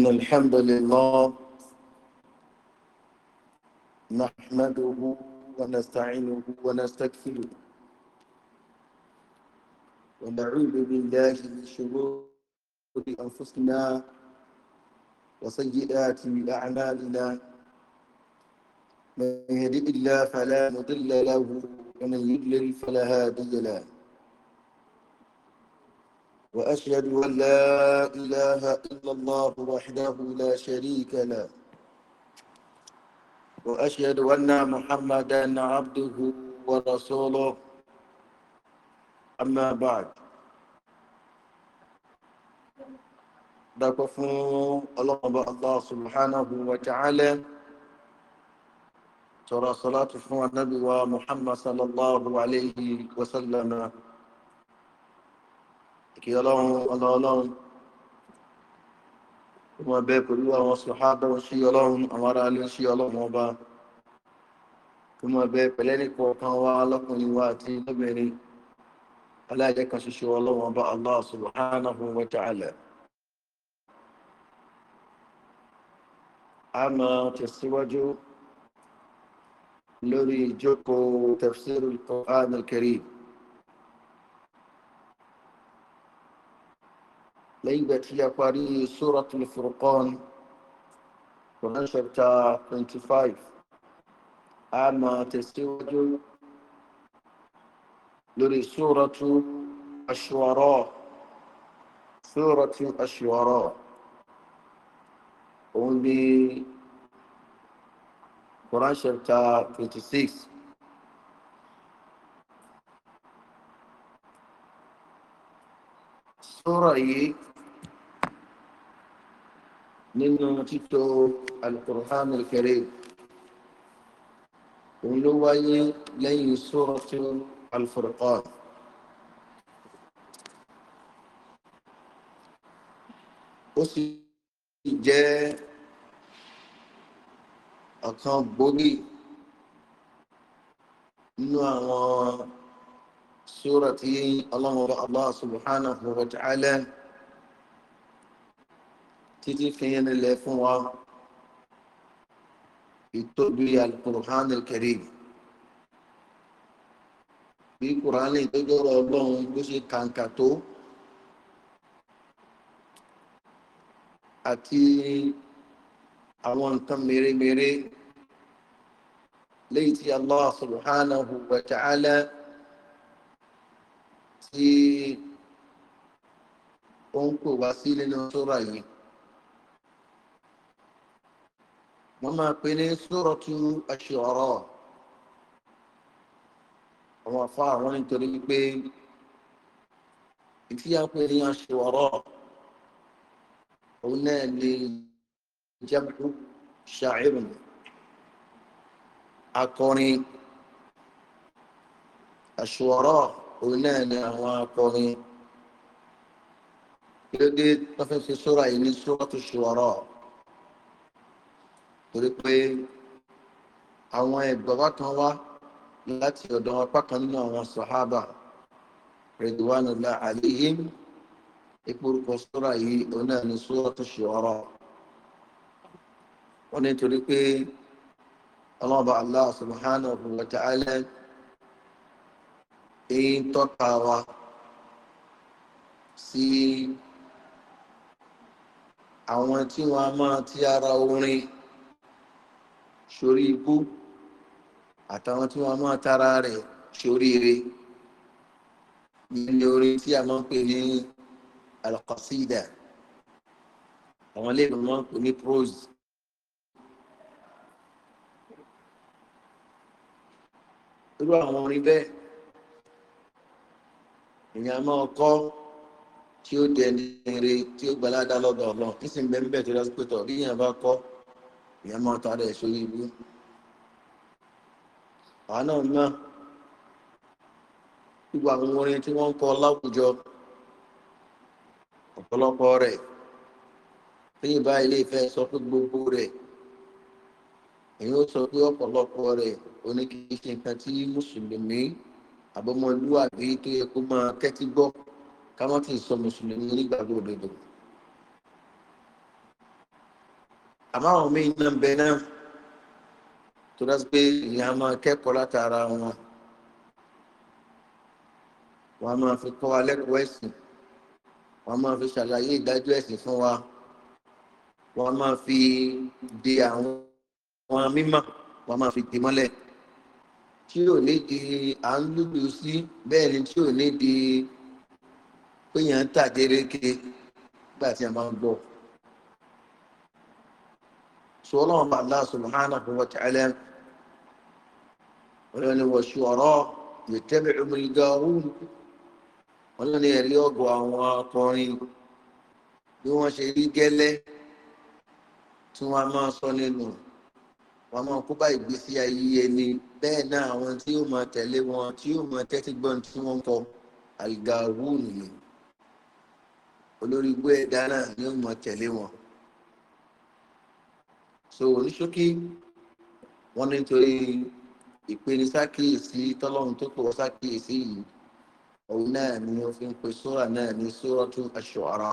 إن الحمد لله نحمده ونستعينه ونستكفله ونعوذ بالله من شرور أنفسنا وسيئات أعمالنا من يهدئ الله فلا مضل له ومن يضلل فلا هادي له وأشهد أن لا إله إلا الله وحده لا شريك له وأشهد أن محمدا عبده ورسوله أما بعد دكفوا الله الله سبحانه وتعالى ترى صلاة النبي ومحمد صلى الله عليه وسلم kí ọlọ́run ọlọ́run ó mọ̀ bẹ́ẹ̀ pẹ̀lú àwọn sọ̀hábẹ́ sí ọlọ́run àwọn ará ilé sí ọlọ́run ọba ó mọ̀ bẹ́ẹ̀ pẹ̀lẹ́ nípa ọkàn wa lọ́kùnrin wa àti lóbìnrin aláìjẹ́ kan ṣoṣo ọlọ́run ọba lẹ́yìn tí a parí sóràtù furqan Quran chapter 25. five a máa tẹ̀síwájú lórí sóràtù aṣọ́rọ̀ sóràtù aṣọ́rọ̀ òun bí Quran nínú títò alukur'an kẹrẹ òun ló wáyé lẹ́yìn sọ́ọ̀tún alfurqan. ó sì jẹ́ ọ̀kan gbòógì nínú àwọn sóra tí ọlọ́run ọba subhanahu wa ta'ala títí fi ń rinlẹ̀ fún wa ìtòbi alukurhan kẹrìm bí kurani tó jọrọ ọlọ́run bó ṣe kàǹkà tó àti àwọn nǹkan mèremère léyìí tí allah subhanahu wa ta'ala tí ó ń pè wá sí nínú sóra yìí. wọ́n máa pè ní sórọ̀tù aṣọ́rọ̀ àwọn afọ àwọn nítorí pé ìtí à ń pè ní aṣọ́rọ̀ òun náà lè jẹ́kù ṣàìrùn akọrin aṣọ́rọ̀ òun náà ni àwọn akọrin kí ló dé tó fẹ́ fi sóra yìí ní sórọ̀tù ṣọ́rọ̀ torí pé àwọn ẹgbàá kan wá láti ọ̀dọ̀ apá kan nínú àwọn sọ̀hábà rẹ̀dùwánulá àlíhìm ìpòrúkọ sọ́ra yìí onáàni sọ́ọ́ tó ṣe ọ̀rọ̀ wọ́n ní torí pé ọlọ́ọ̀bà allah subhanahu wa èyí ń tọ́ka wa sí àwọn tí wọ́n máa ti ara orin sórí ibú àtàwọn tí wọn máa tara rẹ sóríire nílé orin tí a máa ń pè ní alkọsídà àwọn ilé ìgbìmọ̀ máa ń pè ní prose. irú àwọn orin bẹ́ẹ̀ èèyàn máa kọ́ tí ó dẹni rere tí ó gbalada lọ́dọ̀ ọ̀nà kí sì ń bẹ́ẹ̀ tó dá sí pé tọ̀ bí èèyàn bá kọ́ ìyẹn máa tara ẹ̀ sórí ibú àwọn náà náà gbogbo àwọn orin tí wọ́n ń kọ láwùjọ ọ̀pọ̀lọpọ̀ rẹ̀ lẹ́yìn bá ilé ìfẹ́ sọ pé gbogbo rẹ̀ èyí ó sọ pé ọ̀pọ̀lọpọ̀ rẹ̀ oníkìíṣe nǹkan tí mùsùlùmí àbọ̀mọlúwàbí tó yẹ kó máa tẹ́tí gbọ́ ká má ti sọ mùsùlùmí nígbàgbọ́ òdodo. àmọ́ àwọn míì náà bẹ náà tó dá sí pé ìyá máa kẹ́kọ̀ọ́ látara wọn wọn máa fi kọ́ wa lẹ́kọ̀ọ́ ẹ̀sìn wọn máa fi ṣàlàyé ìdájọ́ ẹ̀sìn fún wa wọn máa fi de àwọn mímọ́ wọn máa fi dè mọ́lẹ̀ tí ò ní di à ń lùlù sí bẹ́ẹ̀ ni tí ò ní di péyàn ń tàdéréke nígbà tí a máa ń gbọ́ sọ ọlọ́run bá allah subhanahu wa ta'ala wọ́n ní wọ́n ṣùọ́rọ́ yòtẹ́bẹ̀ ọmọlẹ́gàwọ́n wọ́n ní ẹ̀rí ọgọ̀ àwọn akọrin bí wọ́n ṣe rí gẹ́lẹ́ tí wọ́n máa sọ nínú wọ́n máa kó bá ìgbésí ayé ẹni bẹ́ẹ̀ náà àwọn tí yóò máa tẹ̀lé wọn tí yóò máa tẹ́tí gbọ́n tí wọ́n kọ àlìgàwọ́n nìyẹn olórí gbé ẹ̀dá náà ni yóò máa tẹ̀lé wọn so oníṣókí wọn nítorí ìpinnu sákìyèsí tọ́lọ́run tó pọ̀ sákìyèsí yìí òun náà ni ó fi ń pe sóra náà ní sóra tún aṣọ ara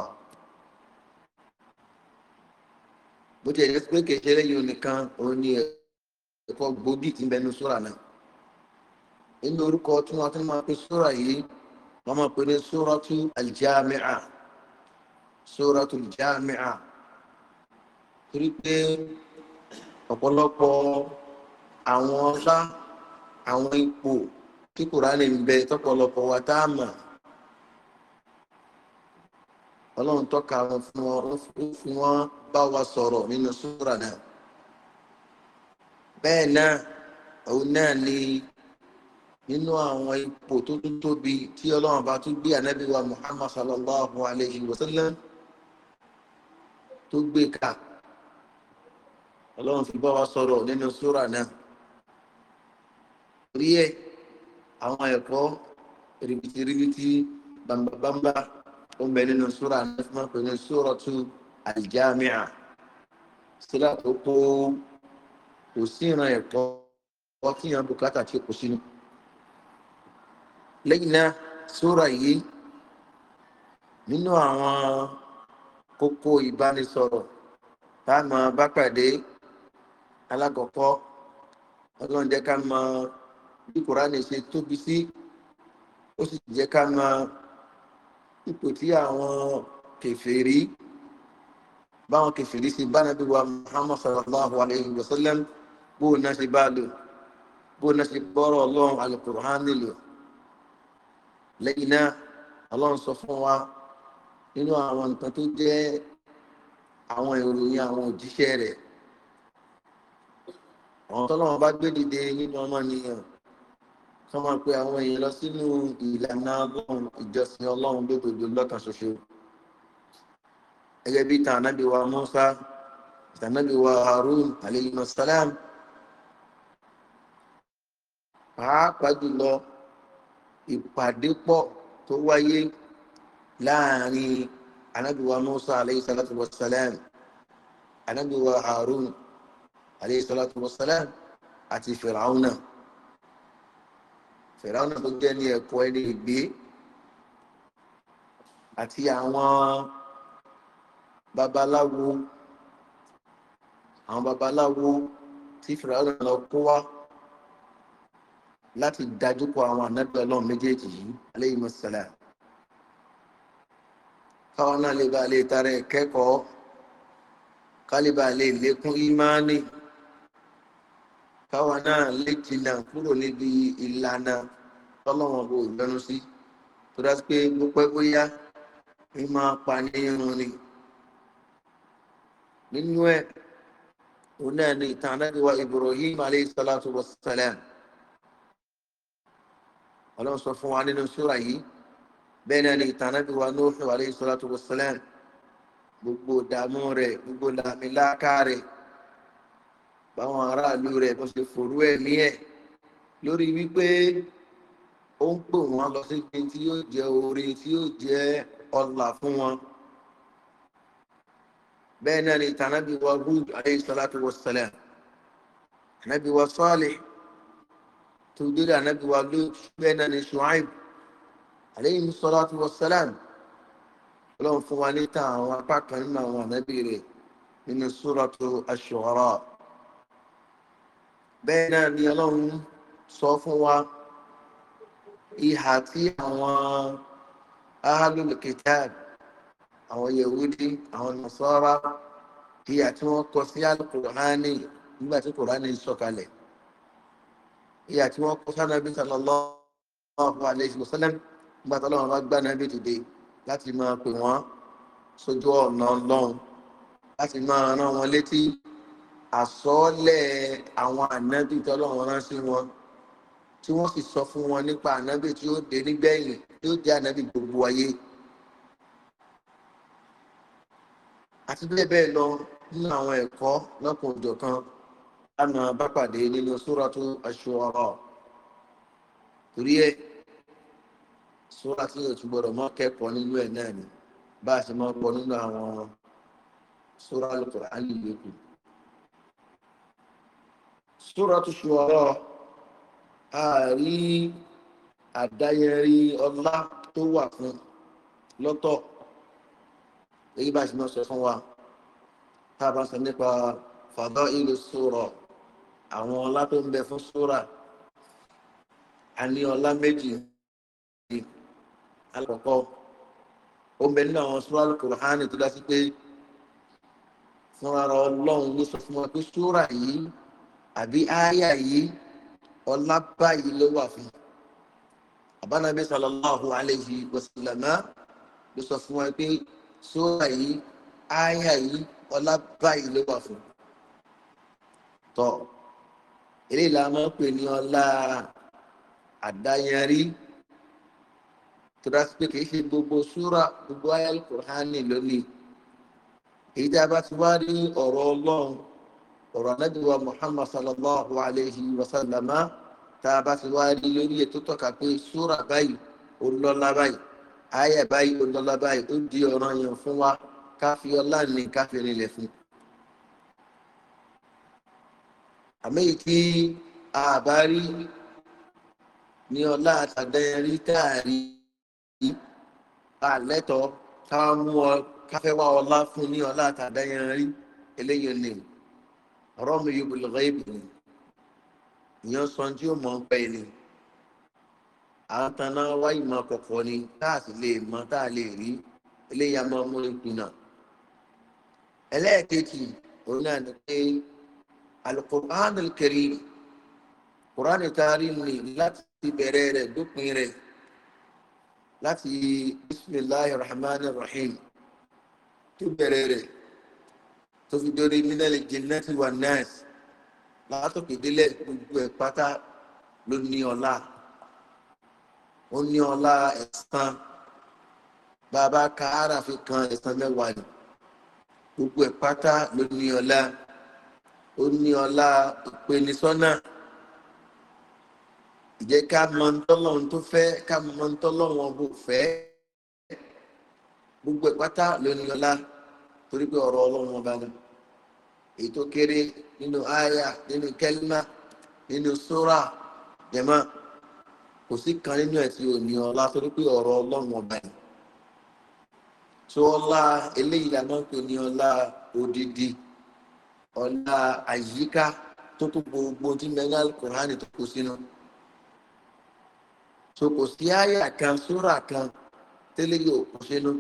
bó ti ẹ̀jẹ̀ pé kèké lẹ́yìn onìkan òun ni ẹ̀kọ́ gbòógì tí ń bẹnu sóra náà inú orúkọ tí wọ́n ti máa pe sóra yìí wọ́n máa pe ní sóra tún aljámíà sóra tún jámíà torí pé ọ̀pọ̀lọpọ̀ àwọn ọlá àwọn ipò tí kùránì ń bẹ tọ́pọ̀lọpọ̀ wa tá a mọ̀ ọlọ́run tọ́ka wọn fún wọn ó fi wọn bá wa sọ̀rọ̀ nínú súra náà bẹ́ẹ̀ náà òun náà ni nínú àwọn ipò tó tún tóbi tí ọlọ́run bá tún gbé ànábìwá muhammad sallallahu alayhi wa sallam tó gbé ká ọlọ́run fi bá wa sọ̀rọ̀ nínú sóra náà torí ẹ̀ àwọn ẹ̀kọ́ rìbìtìrìbìtì bàmbàbàmbà ó ń bẹ nínú sóra náà fún wọn pè ní sóra tu àlìjáàmìà sóra tó kó kò sí ìran ẹ̀kọ́ ọtíyàn bùkátà tí kò sínú lẹ́yìn náà sóra yìí nínú àwọn kókó ìbánisọ̀rọ̀ táwọn bá pàdé alákọ̀ọ́kọ́ ọlọ́run jẹ́ ká mọ bí kùránì ṣe tóbi sí ó sì jẹ́ ká mọ ipò tí àwọn kẹfẹ́rí báwọn kẹfẹ́rí sí bánabi wa muhammad sallallahu alayhi wa sallam bó náà ṣe bá lò bó náà ṣe gbọ́rọ̀ ọlọ́run alukùránì lò lẹ́yìn náà ọlọ́run sọ fún wa nínú àwọn nǹkan tó jẹ́ àwọn ìròyìn àwọn òjíṣẹ́ rẹ̀ àwọn tọ́lọ́wọ́n bá gbé dìde nínú ọmọnìyàn kọ́ máa pe àwọn èèyàn lọ sínú ìlànà ọlọ́run ìjọsìn ọlọ́run lódodo lọ́kàn ṣoṣo gẹ́gẹ́ bí tànàbí wa musa tànàbí wa harun alayhi salam pàápàá jùlọ ìpàdé pọ̀ tó wáyé láàrin anábìwa musa alayhi salatu wa salam anábìwa harun àdéhìsọ́látù wọ́sálàm àti fìràúnà fìràúnà tó jẹ́ ní ẹ̀kọ́ ẹni ìgbé àti àwọn babaláwo àwọn babaláwo tí fìràúnà lọ kó wá láti dájúkọ àwọn ànábẹ́ ọlọ́run méjèèjì yìí aléyìn mọ́sálà káwọn náà lè ba lè tara ẹ̀ ká lè ba lè lékún ìmáàní káwa náà lè jìnnà kúrò níbi ìlànà tọ́lọ́wọ́n kò yọnu sí tó dá sí pé gbọ́pẹ́ bóyá ní máa pa ní ni nínú ẹ̀ òun náà ni ìtàn anábìwá ibrahim aleyhi salatu wa salam ọlọ́run sọ fún wa nínú ṣúra yìí bẹ́ẹ̀ náà ni ìtànábí wa nóòfin wà lẹ́yìn sọ́lá tó gbogbo ìdààmú rẹ̀ gbogbo làmìláàkà rẹ̀ báwọn aráàlú rẹ̀ bó ṣe forú ẹ̀mí ẹ̀ lórí wípé ó ń pè wọ́n lọ sí pé tí yóò jẹ́ oore tí yóò jẹ́ ọlà fún wọn. bẹ́ẹ̀ náà ni tànàbí wa hud aleyhi salatu wa salam ànábì wa sọ́ọ̀lì tó náà ni shuaib aleyhi salatu wa salam fún wa níta àwọn apá kan nínú àwọn ànábì rẹ̀ nínú súrọ̀tù aṣọ́rọ̀ bẹ́ẹ̀ náà ni ọlọ́run sọ fún wa ìhà tí àwọn ahalulukitab àwọn yehudi àwọn nasara ìhà tí wọ́n kọ sí alukurani nígbà tí kurani sọ̀kalẹ̀ ìhà tí wọ́n kọ sanabi sallallahu alayhi wa sallam nígbà tí ọlọ́run bá àsọ́ọ́lẹ̀ àwọn ànábì tọ́lọ́wọ́n rán sí wọn tí wọ́n sì sọ fún wọn nípa ànábì tí ó dé nígbẹ̀yìn tí ó dé ànábì gbogbo ayé. àti bẹ́ẹ̀ bẹ́ẹ̀ lọ nínú àwọn ẹ̀kọ́ lọ́kùn òjò kan lánà bá pàdé nínú sóràtú aṣọ ọ̀rọ̀ torí ẹ̀ sóràtú òtún gbọ́dọ̀ mọ́ kẹ́kọ̀ọ́ nínú ẹ̀ náà ni bá a ṣe máa ń pọ̀ nínú àwọn sóràlùkọ̀ àlìyé Suratu Shuara àárí àdáyẹrí ọlá tó wà fún lọ́tọ̀ èyí bá ṣe máa sọ fún wa tá a bá sọ nípa fàdọ́ ìlú sura àwọn ọlá tó ń bẹ fún sura a ní ọlá méjì alákọ̀ọ́kọ́ ó nínú àwọn sura al tó dá sí pé fúnra ọlọ́run ló sọ fún wa pé sura yìí àbí ááyà yìí ọlá báyìí ló wà fún àbánabi sọlọ́láhùn àlejò ìgbọ̀sọ̀lọ́mọ́ ló sọ fún wọn pé sóra yìí ááyà yìí ọlá báyìí ló wà fún tọ eléyìí la máa ń pè ní ọlá àdáyanrí tùràsípé kìí ṣe gbogbo súra gbogbo ayélujára lónìí èyí tí a bá ti wá rí ọ̀rọ̀ ọlọ́run ọ̀rọ̀ anábìwá muhammad sallallahu alayhi ah, ah, wa sallama tá a bá ti wá rí lórí ètò tọ́ka pé súra báyìí olólá báyìí àyà báyìí olólá báyìí ó di ọ̀ràn yẹn fún wa káfí ọlá ní káfí rinlẹ̀ fún. àmì tí a rí ní ọlá àtàdẹ́rí táàrí àlẹ́tọ̀ ká mú ọ káfẹ́ wá ọlá fún ní ọlá àtàdẹ́rí eléyìí ni rọ́hùn yóò bìlì rẹ́ẹ̀bì ni ìyẹn sọ tí ó mọ̀ ń pẹ́ ni àtàná wáyé máa kọ̀kọ̀ ni tá a sì lè mọ tá a lè rí eléyà máa mú ìkùnà ẹlẹ́ẹ̀kejì òun náà ni pé alukur'an kiri kur'an taari ni láti bẹ̀rẹ̀ rẹ̀ dópin rẹ̀ láti bisimilahi rahman rahim tó bẹ̀rẹ̀ rẹ̀ tó fi dórí mílẹ̀lì jẹ́nẹ́tì wà nẹ́ẹ̀sì látòkè délẹ̀ gbogbo ẹ̀ pátá ló ní ọlá ó ní ọlá ẹ̀sán bàbá káàrà fi kan ẹ̀sán mẹ́wàá ni gbogbo ẹ̀ pátá ló ní ọlá ó ní ọlá ìpènisọ́nà ìjẹ́ ká mọ ntọ́lọ́run tó fẹ́ ká mọ ntọ́lọ́run ọ̀bùn fẹ́ gbogbo ẹ̀ pátá ló ní ọlá torí pé ọ̀rọ̀ ọlọ́run ọba ni èyí tó kéré nínú àyà nínú kẹlímà nínú sóra jẹ̀mọ́ kò sí kan nínú ẹ̀ tí ò ní ọlá torí pé ọ̀rọ̀ ọlọ́run ọba ni tó ọlá eléyìí la máa ní ọlá odidi ọlá àyíká tó tó gbogbo tí mẹ́gàlì kùránì tó kó sínú so kò sí àyà kan sóra kan tẹ́lẹ̀ yóò kó sínú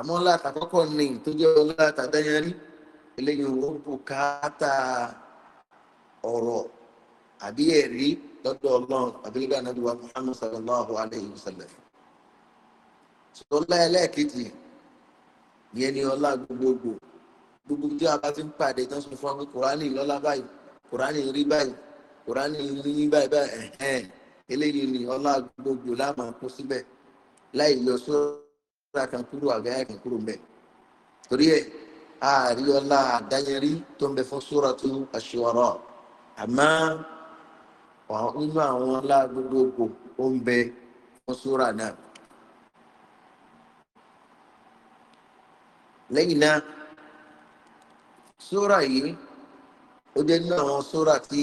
àmọ́ látàkọ́kọ́ ní tó jẹ́ ọlá tàdáyẹrí eléyìí ó bùkátà ọ̀rọ̀ àbí ẹ̀rí lọ́dọ̀ ọlọ́run àbílẹ̀gbà nàdúrà muhammed sallallahu alayhi wa sallam. sọlá ẹlẹ́ẹ̀kejì yẹn ni ọlá gbogbogbò gbogbo tí a bá ti ń pàdé tán sọ fún wa pé kùránì lọ́lá báyìí kùránì rí báyìí kùránì rí báyìí báyìí ẹ̀hẹ́n eléyìí ni ọlá gbogbogbò láàmú kó síbẹ̀ láì lọ sọ́ọ́ ra kan kúrò àgáyà kan kúrò mbẹ torí ẹ ààrí ọlá àdáyẹrí tó ń bẹ fún sóra tó aṣọwọrọ àmọ́ nínú àwọn ọlá gbogbogbò ó ń bẹ fún sóra náà. lẹ́yìn náà sóra yìí ó jẹ́ nínú àwọn sóra tí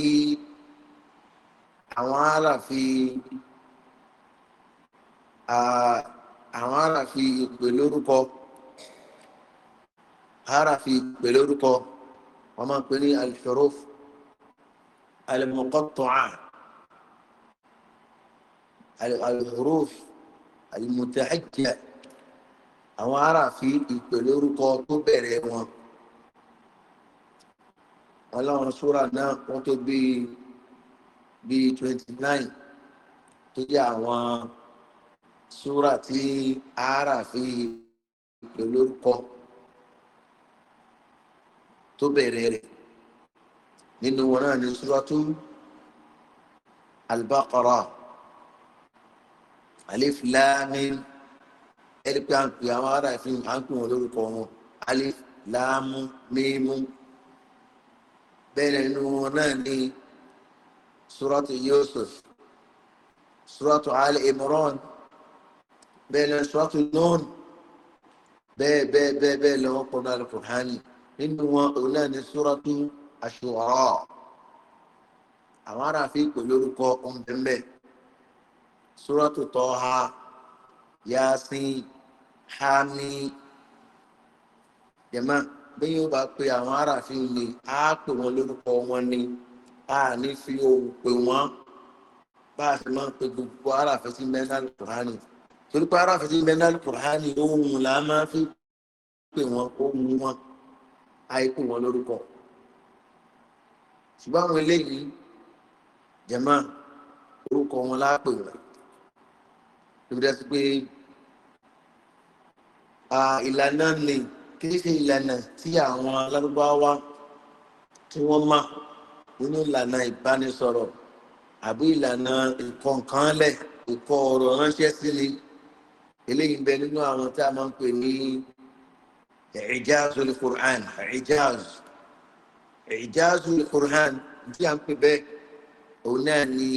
àwọn ará fi. Uh, àwọn ara fi ìpè lórúkọ ara fi ìpè lórúkọ wọn máa ń pè ní alifẹrof alimokọtọa alihorof alimutahajia àwọn ara fi ìpè lórúkọ tó bẹ̀rẹ̀ wọn wọn láwọn sóra náà wọn tó bíi bíi twenty nine tó yẹ àwọn súrà tí ara fi pẹ̀lú orúkọ tó bẹ̀rẹ̀ rẹ̀ nínú wọn náà ní súrà tó albaqara alif lamin ẹni pé à ń pè àwọn ará ìfihàn à ń pè wọn lórúkọ wọn alif láàmú mímú bẹ́ẹ̀ nínú wọn náà ní súrà tó yusuf súrà tó alẹ́ bẹ́ẹ̀ lọ sọ́tò lọ́ọ̀nù bẹ́ẹ̀ bẹ́ẹ̀ bẹ́ẹ̀ bẹ́ẹ̀ lọ́wọ́ pọ̀nà alukùránì nínú wọn òun náà ní sọ́tò aṣọ́rọ̀ àwọn aráàfin pè lórúkọ ọ̀nbẹ̀mbẹ̀ sọ́tò tọ́ha yasin hami jẹ̀mọ́ bí yóò bá pe àwọn aráàfin ni á pè wọn lórúkọ wọn ni a ní fi ohùn pè wọn bá a sì máa ń pe gbogbo aráàfin sí mẹ́ńdálì kùránì torí pé aráàfù tí bẹ́ẹ̀ náà kùránì ohun là máa fi pè wọ́n ohun wọn àìkú wọn lórúkọ ṣùgbọ́n àwọn eléyìí jẹ̀mọ́ orúkọ wọn lápè wọn níbi dá sí pé ìlànà lè kìí ṣe ìlànà tí àwọn alárúbáwá tí wọ́n mọ̀ nínú ìlànà ìbánisọ̀rọ̀ àbí ìlànà ìkọ̀ǹkanlẹ̀ ìkọ̀ ọ̀rọ̀ ránṣẹ́ sí eléyìí ń bẹ nínú àwọn tá a máa ń pè ní ìjáàzù ní quran ìjáàzù ìjáàzù ní quran tí a ń pè bẹ́ẹ̀ òun náà ni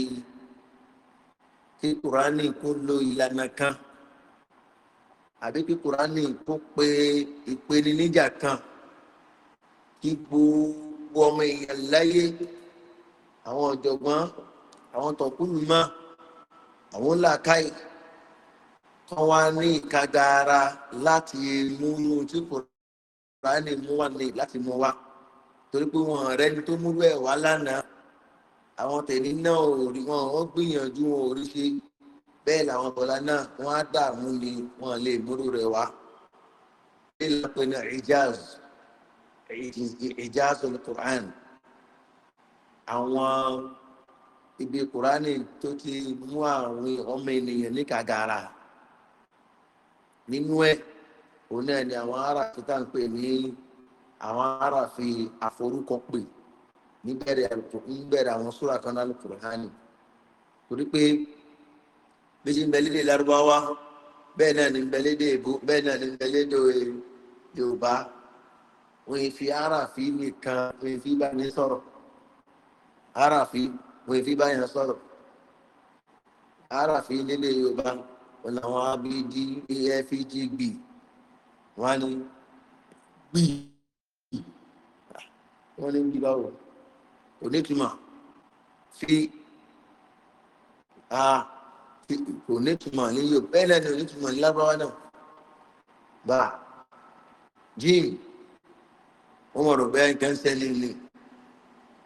kí kùránì kó lo ìlànà kan àbí kí kùránì kó pe ìpèníjà kan kí gbogbo ọmọ èèyàn láyé àwọn ọ̀jọ̀gbọ́n àwọn tọ̀kùnrin mọ́ àwọn làákàyè wọ́n wá ní ìkagara láti mú irun tí kò rà ní mú wá ní láti mú wá torí pé wọn rẹ ni tó múlò ẹ̀ wá lánàá àwọn tẹ̀lé náà ò rí wọn wọ́n gbìyànjú wọn ò rí ṣe bẹ́ẹ̀ làwọn bọ̀lá náà wọ́n á dààmú ni wọ́n lè múlò rẹ̀ wá. ilé pé ní ijaz ijaz olùkùrán àwọn ibi kùránì tó ti mú àwọn ọmọ ènìyàn ní kagara nínú ẹ̀ òun náà ni àwọn ará fi tá à ń pè ní àwọn ará fi àforúkọ pè níbẹ̀rẹ̀ níbẹ̀rẹ̀ àwọn súra kan náà lùkùránì torí pé bí ti ń bẹ lédè lárúbáwá bẹ́ẹ̀ náà ni ń bẹ lédè èbó bẹ́ẹ̀ náà ni ń bẹ lédè yorùbá wọ́n fi aráàfin nìkan wọ́n fi bá ní sọ̀rọ̀ aráàfin wọ́n fi bá yẹn sọ̀rọ̀ aráàfin nílé yorùbá wọn làwọn abidi afgb wọn ni gbi wọn ní gbígbáwò onítùmọ̀ fi a onítùmọ̀ e, ní yóò bẹ́ẹ̀ náà ni onítùmọ̀ ní lábáwá náà bá jim wọn mọ̀rọ̀ bẹ́ẹ̀ nǹkan sẹ́lẹ̀ ní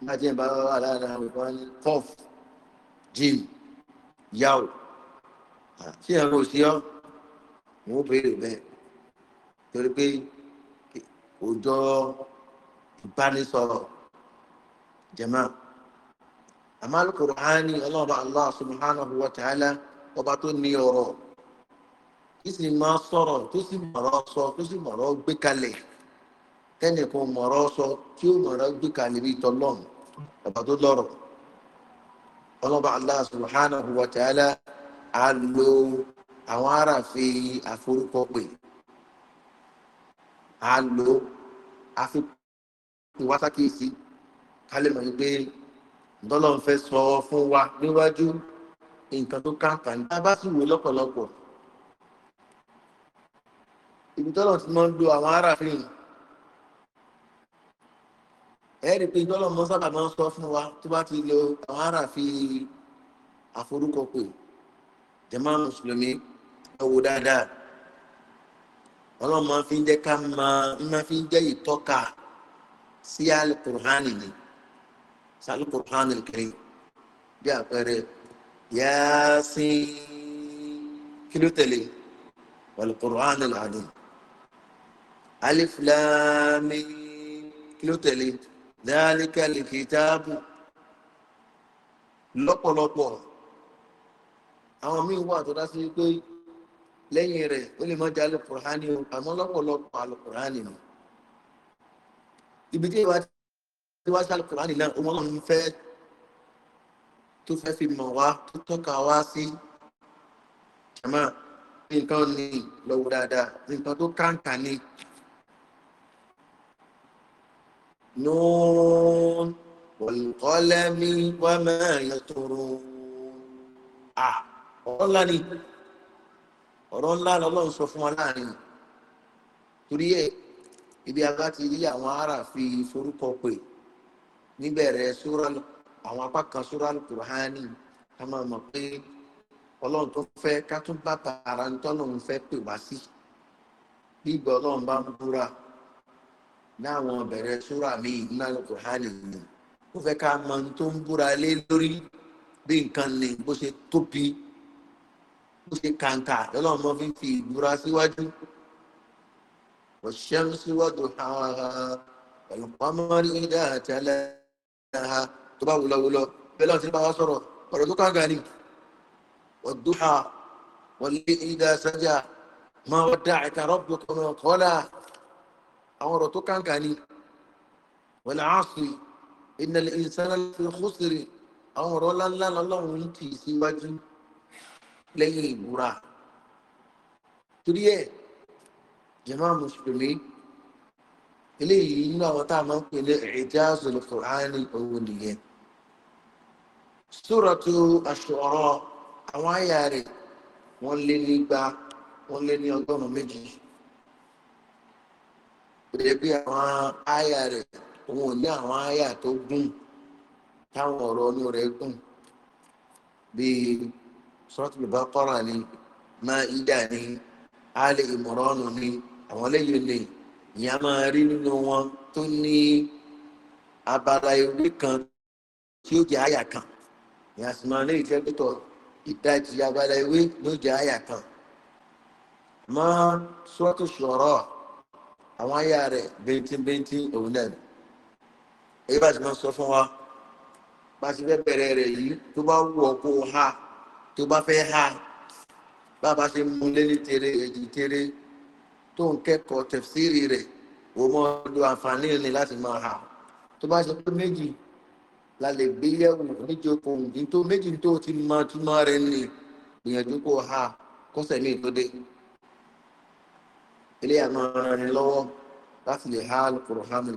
láti ẹ̀ bá wà lára àwọn ìfọwọ́ ní jim yàwó tí ẹ kò sí ọ wọn ó béèrè bẹ́ẹ̀ torí pé òjò ìbánisọ̀rọ̀ jẹmọ àmàlùkòrò hání ọlọ́ọ̀bà allah subhanahu wa ta'ala ọba tó ní ọ̀rọ̀ kí sì máa sọ̀rọ̀ tó sì mọ̀rọ̀ sọ tó sì mọ̀rọ̀ gbé kalẹ̀ tẹ́nìkan mọ̀rọ̀ sọ tí ó mọ̀rọ̀ gbé kalẹ̀ bíi tọ́lọ́mù ọba tó lọ́rọ̀ ọlọ́ọ̀bà allah subhanahu wa ta'ala a lo àwọn aráàfin àforúkọpè a lo àfikún wá sákèsí ká lè mọ̀ wípé ntọ́lọ́n fẹ́ sọ fún wa níwájú nǹkan tó káàkà ní. a bá sì wò lọ́pọ̀lọpọ̀ ibi tọ́lọ̀ ti máa ń lo àwọn aráàfin ẹ̀rí pé tọ́lọ̀ mọ́ sábà máa ń sọ fún wa tó bá ti lo àwọn aráàfin àforúkọpè jẹ̀mọ́ mùsùlùmí ẹ wo dáadáa ọlọ́run máa fi ń jẹ́ ká máa máa fi ń jẹ́ ìtọ́ka sí alukur'an ni alukur'an kiri bí àpẹẹrẹ yaasin kí ló tẹ̀lé alukur'an ladun alif laami kí àwọn míì wà tó dá sí pé lẹ́yìn rẹ̀ ó lè má jẹ́ alùpùránì o àmọ́ lọ́pọ̀lọpọ̀ alùpùránì o ibi tí ìwà tí wá sí alùpùránì náà òun ọlọ́run fẹ́ tó fẹ́ fi mọ̀ wá tó tọ́ka wá sí jama nǹkan ní lọ́wọ́ dáadáa nǹkan tó kàǹkà ní. nùún wọ̀lùkọ́lẹ́mí wọ́n mẹ́rin tó rún. ọ̀rọ̀ ńlá ni ọ̀rọ̀ ńlá lọ́lọ́run sọ fún wa láàrin torí ẹ̀ ibi abá ti rí àwọn ará fi forúkọ pè níbẹ̀rẹ̀ sóràlù àwọn apá kan sóràlù kùránì ká máa mọ̀ pé ọlọ́run tó fẹ́ ká tún bá tààrà ní tọ́lọ́run fẹ́ pè wá sí bí ìgbà ọlọ́run bá ń búra láwọn bẹ̀rẹ̀ sóra míì nínú kùránì ó fẹ́ ká mọ ohun tó ń búra lé lórí bí nǹkan bó ṣe tóbi tó ṣe kàǹkà lọ́lọ́run mọ́ fi fi ìbúra síwájú ọ̀ṣẹ́ síwájú àwọn pẹ̀lú pamọ́rí ìdá àtẹ́lẹ́ ha tó bá wùlọ́wùlọ́ bẹ́ẹ̀ lọ́n ti bá wá sọ̀rọ̀ ọ̀rọ̀ tó kàǹkà ni ọ̀dúnhà wọlé ìdá sájà máa wọ́n dá ẹ̀ka rọ́bù kan kọ́lá àwọn ọ̀rọ̀ tó kàǹkà ni wọlé àásù ìnàlẹ̀ ìsánà lọ́sẹ̀rẹ̀ àwọn ọ̀rọ̀ ńláńlá lọ́lọ́run ti síwájú lẹ́yìn ìbúra torí ẹ̀ jẹ̀mọ́ mùsùlùmí eléyìí nínú àwọn tá a máa ń pè ní ìjáàzù lùkùránì owó nìyẹn sóràtú aṣọ̀rọ̀ àwọn àyà rẹ̀ wọ́n lé ní igba wọ́n lé ní ọgọ́rùn-ún méjì pèlè bí àwọn àyà rẹ̀ òun ò ní àwọn àyà tó gùn táwọn ọ̀rọ̀ inú rẹ̀ gùn bíi sọ́tùlù bá kọ́ra ni máa ìdá ni alẹ́ ìmọ̀ránù ni àwọn lẹ́yìn lè ní a máa rí nínú wọn tó ní abala ewé kan tí ó jẹ́ àyà kan ní àsìmọ́ ní ìtẹ́gbẹ́tọ̀ ìdajì abala ewé ló jẹ́ àyà kan mọ́ sọ́tù sọ̀rọ̀ àwọn àyà rẹ̀ bẹ́ntínbẹ́ntín òun náà ni èyí bá ti máa sọ fún wa bá ti fẹ́ bẹ̀rẹ̀ rẹ̀ yìí tó bá wù ọ́ kó o ha tó bá fẹ́ ha bàbá ṣe mú lélẹ̀ tèrè èjì tèrè tó ń kẹ́kọ̀ọ́ tẹ̀síìrì rẹ̀ wò mọ́ lo àǹfààní ni láti máa ha tó bá ṣe pé méjì la lè gbé yẹ̀wò níjókòó nító méjì tó ti mọ túmọ̀ rẹ̀ ni gbìyànjú kó ha kọ́sẹ̀ míì tó dé ilé àmọ́ ara ni lọ́wọ́ láti lè ha alukoro hamil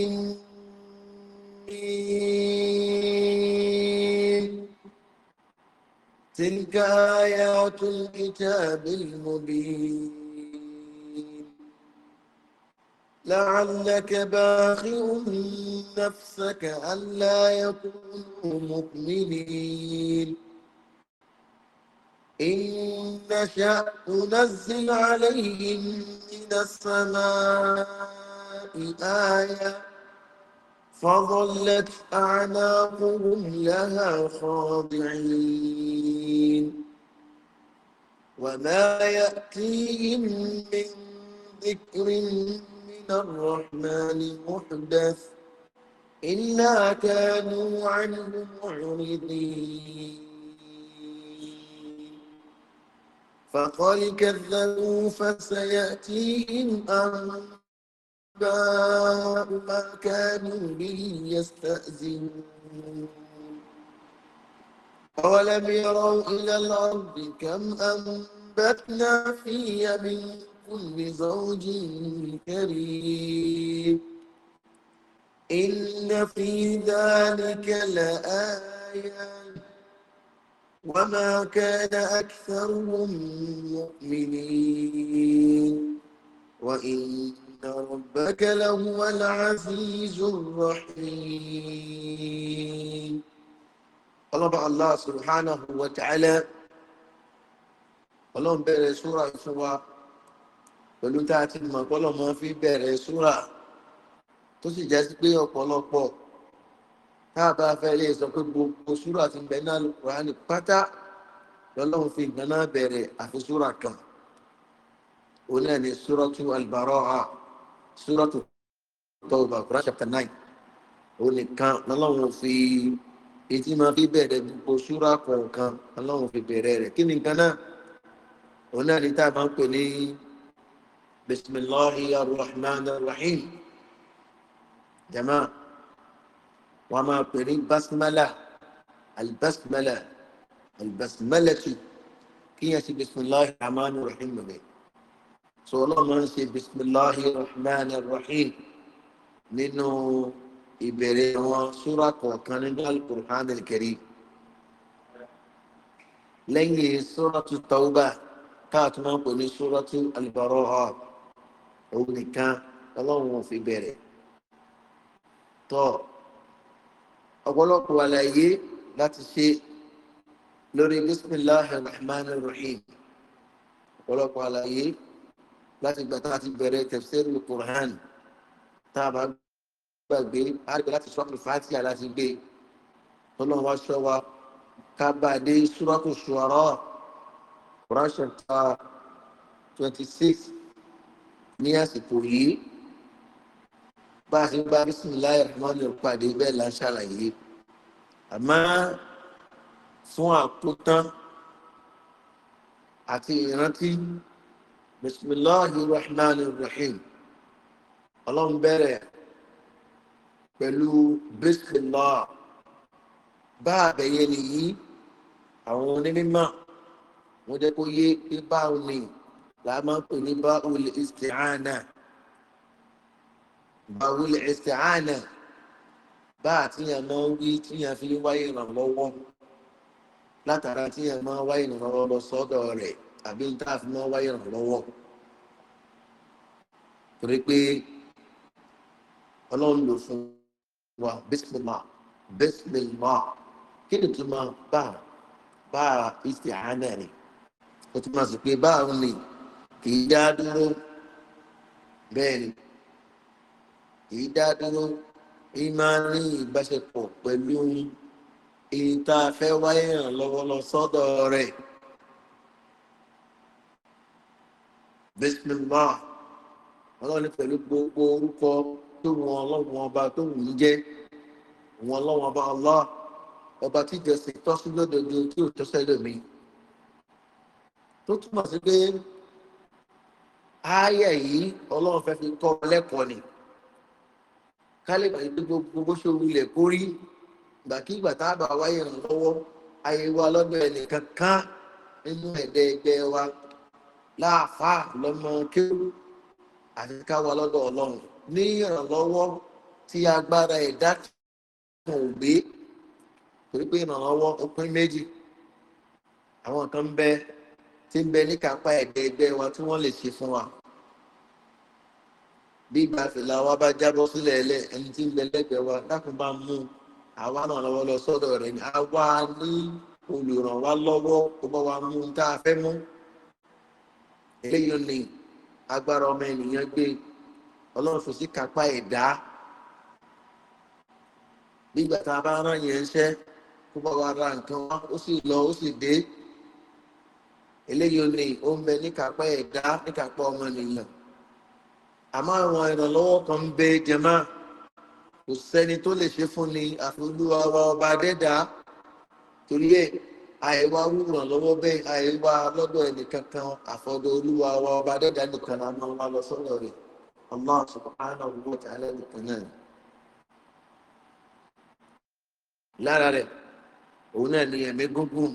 تلك آيات الكتاب المبين لعلك باخع نفسك ألا يكونوا مؤمنين إن نشأ ننزل عليهم من السماء آية فظلت أعناقهم لها خاضعين وما يأتيهم من ذكر من الرحمن محدث إلا كانوا عنه معرضين فقال كذبوا فسيأتيهم أنباء ما كانوا به يستأذنون أولم يروا إلى الأرض كم أنبتنا فيها من كل زوج كريم إن في ذلك لآيات وما كان أكثرهم مؤمنين وإن إن ربك لهو العزيز الرحيم طلب الله سبحانه وتعالى ọlọ́run bẹ̀rẹ̀ súra fún wa pẹ̀lú tá a ti mọ̀ pọ́lọ̀ mọ́ fi bẹ̀rẹ̀ súra tó sì jẹ́ sí pé ọ̀pọ̀lọpọ̀ tá a bá fẹ́ lè sọ pé gbogbo súra ti bẹ̀ náà ránì pátá lọ́lọ́run fi ìgbà náà bẹ̀rẹ̀ àfi súra kan òun náà ni súra tún alùbárọ̀ hàn súrọ́tù tọ́ọ̀bà kúrá chapter nine òun nìkan lọ́lọ́run fi ètí máa fi bẹ̀rẹ̀ gbogbo súrà kọ̀ọ̀kan lọ́lọ́run fi bẹ̀rẹ̀ rẹ̀ kí ni nǹkan náà òun náà ní tá a máa ń pè ní bisimilahi arrahman arrahim jama wọn máa pè ní basimala albasimala albasimala tu kí yẹn ti bisimilahi arrahman arrahim bẹ̀rẹ̀ so ọlọ́run máa ń ṣe bisimilahi rahman rahim nínú ìbẹ̀rẹ̀ wọn súra kọ̀ọ̀kan nínú alukur'an kẹrì lẹ́yìn súra tu tauba táàtú máa ń pè ní súra tu alibaraha òun nìkan ọlọ́run ò fi bẹ̀rẹ̀ tọ́ ọ̀pọ̀lọpọ̀ àlàyé láti ṣe lórí bisimilahi rahman rahim ọ̀pọ̀lọpọ̀ àlàyé láti gbà tá a ti bẹ̀rẹ̀ tafsirul Qur'an tá a bá gbàgbé àgbẹ̀ láti sọ́kùn fàtíà láti gbé ọlọ́run wá sọ wa ká bá a dé suratul Shu'ara Qur'an ṣẹ̀ta twenty six ní àsìkò yìí bá a ṣe ń gba bísíláì mọ́nì pàdé bẹ́ẹ̀ la ṣàlàyé àmọ́ fún àkótán àti ìrántí bisimilahi rahman rahim ọlọ́run bẹ̀rẹ̀ pẹ̀lú bisimilah bá àbẹ̀yẹ nìyí àwọn onímọ̀ wọ́n jẹ́ kó yé bíbá òní là máa ń pè ní bá òlì ìsìtìhánà bá òlì ìsìtìhánà bá àtìyàn máa ń wí tíyàn fi wáyé ìrànlọ́wọ́ látara tíyàn máa wáyé ìrànlọ́wọ́ lọ sọ́dọ̀ rẹ̀ àbí ní tá a fi máa wáyé ìrànlọ́wọ́ torí pé ọlọ́run lò fún wa bísímà bísímà kí ni tó máa bá bá ìsì àánà rẹ̀ ó ti máa sì pé báwọn ni kì í dá dúró bẹ́ẹ̀ ni kì í dá dúró ní máa ní ìbáṣepọ̀ pẹ̀lú ìta fẹ́ wáyé ìrànlọ́wọ́ lọ sọ́dọ̀ rẹ̀. bísímìlá ọlọ́run ní pẹ̀lú gbogbo orúkọ tó wọn ọlọ́run ọba tó wù ń jẹ́ wọn ọlọ́run ọba ọlá ọba tí ìjọsìn tọ́ sí lódodo tí ò tọ́sẹ́ lómi tó túmọ̀ sí pé ààyè yìí ọlọ́run fẹ́ fi kọ́ lẹ́kọ̀ọ́ ni kálíbà yìí gbogbo bó ṣe wulẹ̀ kórí gbàkígbà tá a bá wáyé ìrànlọ́wọ́ ayé wa lọ́dọ̀ ẹnìkan kan nínú ẹ̀dẹ́ wa láàfà lọ́mọ kéwù àti káwa lọ́dọ̀ ọlọ́run ní ìrànlọ́wọ́ tí agbára ẹ̀dá kan ò gbé torí pé ìrànlọ́wọ́ ó pín méjì àwọn kan bẹ tí ń bẹ ní kápá ẹ̀dẹ́ ẹgbẹ́ wa tí wọ́n lè ṣe fún wa bí ìgbà fìlà wa bá jábọ́ sílẹ̀ ẹlẹ́ ẹni tí ń bẹ lẹ́gbẹ̀ẹ́ wa lákùn bá mú àwa náà lọ́wọ́ lọ sọ́dọ̀ rẹ̀ ni àwa ní olùrànwá lọ́wọ́ ó bá wa mú tá a fẹ́ mú. eléyìí ni agbára ọmọ ènìyàn gbé ọlọ́run fòsí kápá ẹ̀dá nígbà tá a bá rán yẹn ṣẹ́ kó bá wa ra nǹkan wá ó sì lọ ó sì dé eléyìí ni ó ń bẹ ẹ̀dá ọmọ ènìyàn àmọ́ àwọn ìrànlọ́wọ́ kan ń bẹ jẹ̀má kò sẹ́ni tó lè ṣe ni àfi ọba ọba dẹ́dàá torí àìwá wúràn lọ́wọ́ bẹ́ẹ̀ àìwá lọ́dọ̀ ẹnìkan kan àfọ̀dọ̀ olúwa wa ọba dẹ́dà nìkan náà máa wá lọ sọ́dọ̀ rẹ̀ ọmọ àṣùpáànà ọgbọ́n tí alẹ́ nìkan náà. lára rẹ̀ òun náà ni ẹ̀mí gúngún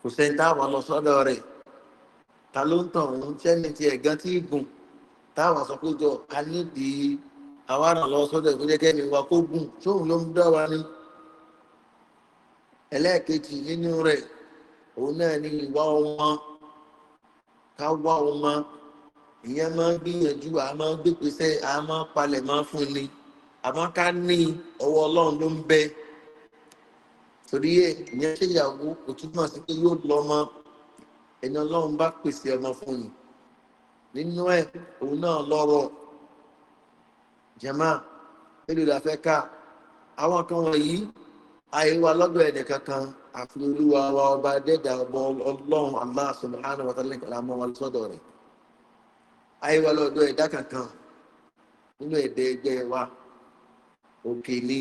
kò sẹ́ni táwọn lọ sọ́dọ̀ rẹ̀ ta ló ń tàn òun sẹ́ni ti ẹ̀gán tí gùn táwọn sọ pé jọ a àwọn àràn lọ sọ́dọ̀ ìfúnjẹ́kẹ́ni wa kó gùn tóun ló ń dá wa ní ẹlẹ́ẹ̀kejì nínú rẹ̀ òun náà ni ìwà ọmọ ká wá ọmọ ìyẹn máa ń gbìyànjú a máa ń gbèpèsè a máa ń palẹ̀ máa ń fún ni àmọ́ ká ní ọwọ́ ọlọ́run ló ń bẹ torí ẹ ìyẹn ṣèyàwó kò túmọ̀ sí pé yóò lọ ọmọ ẹni ọlọ́run bá pèsè ọmọ fún ni nínú ẹ òun náà lọ́rọ̀ jẹ̀má èlò ìlàfẹ́ ká àwọn kan wọ̀nyí àìwá lọ́dọ̀ ẹ̀dẹ̀ kankan àfi olúwa wa ọba dẹ́dà ọba ọlọ́run aláàfin hánà wàtálẹ̀ kàlámọ́ wa lọ́sọ̀dọ̀ rẹ̀ àìwá lọ́dọ̀ ẹ̀dá kankan nínú ẹ̀dẹ̀ ẹgbẹ́ wa òkè ni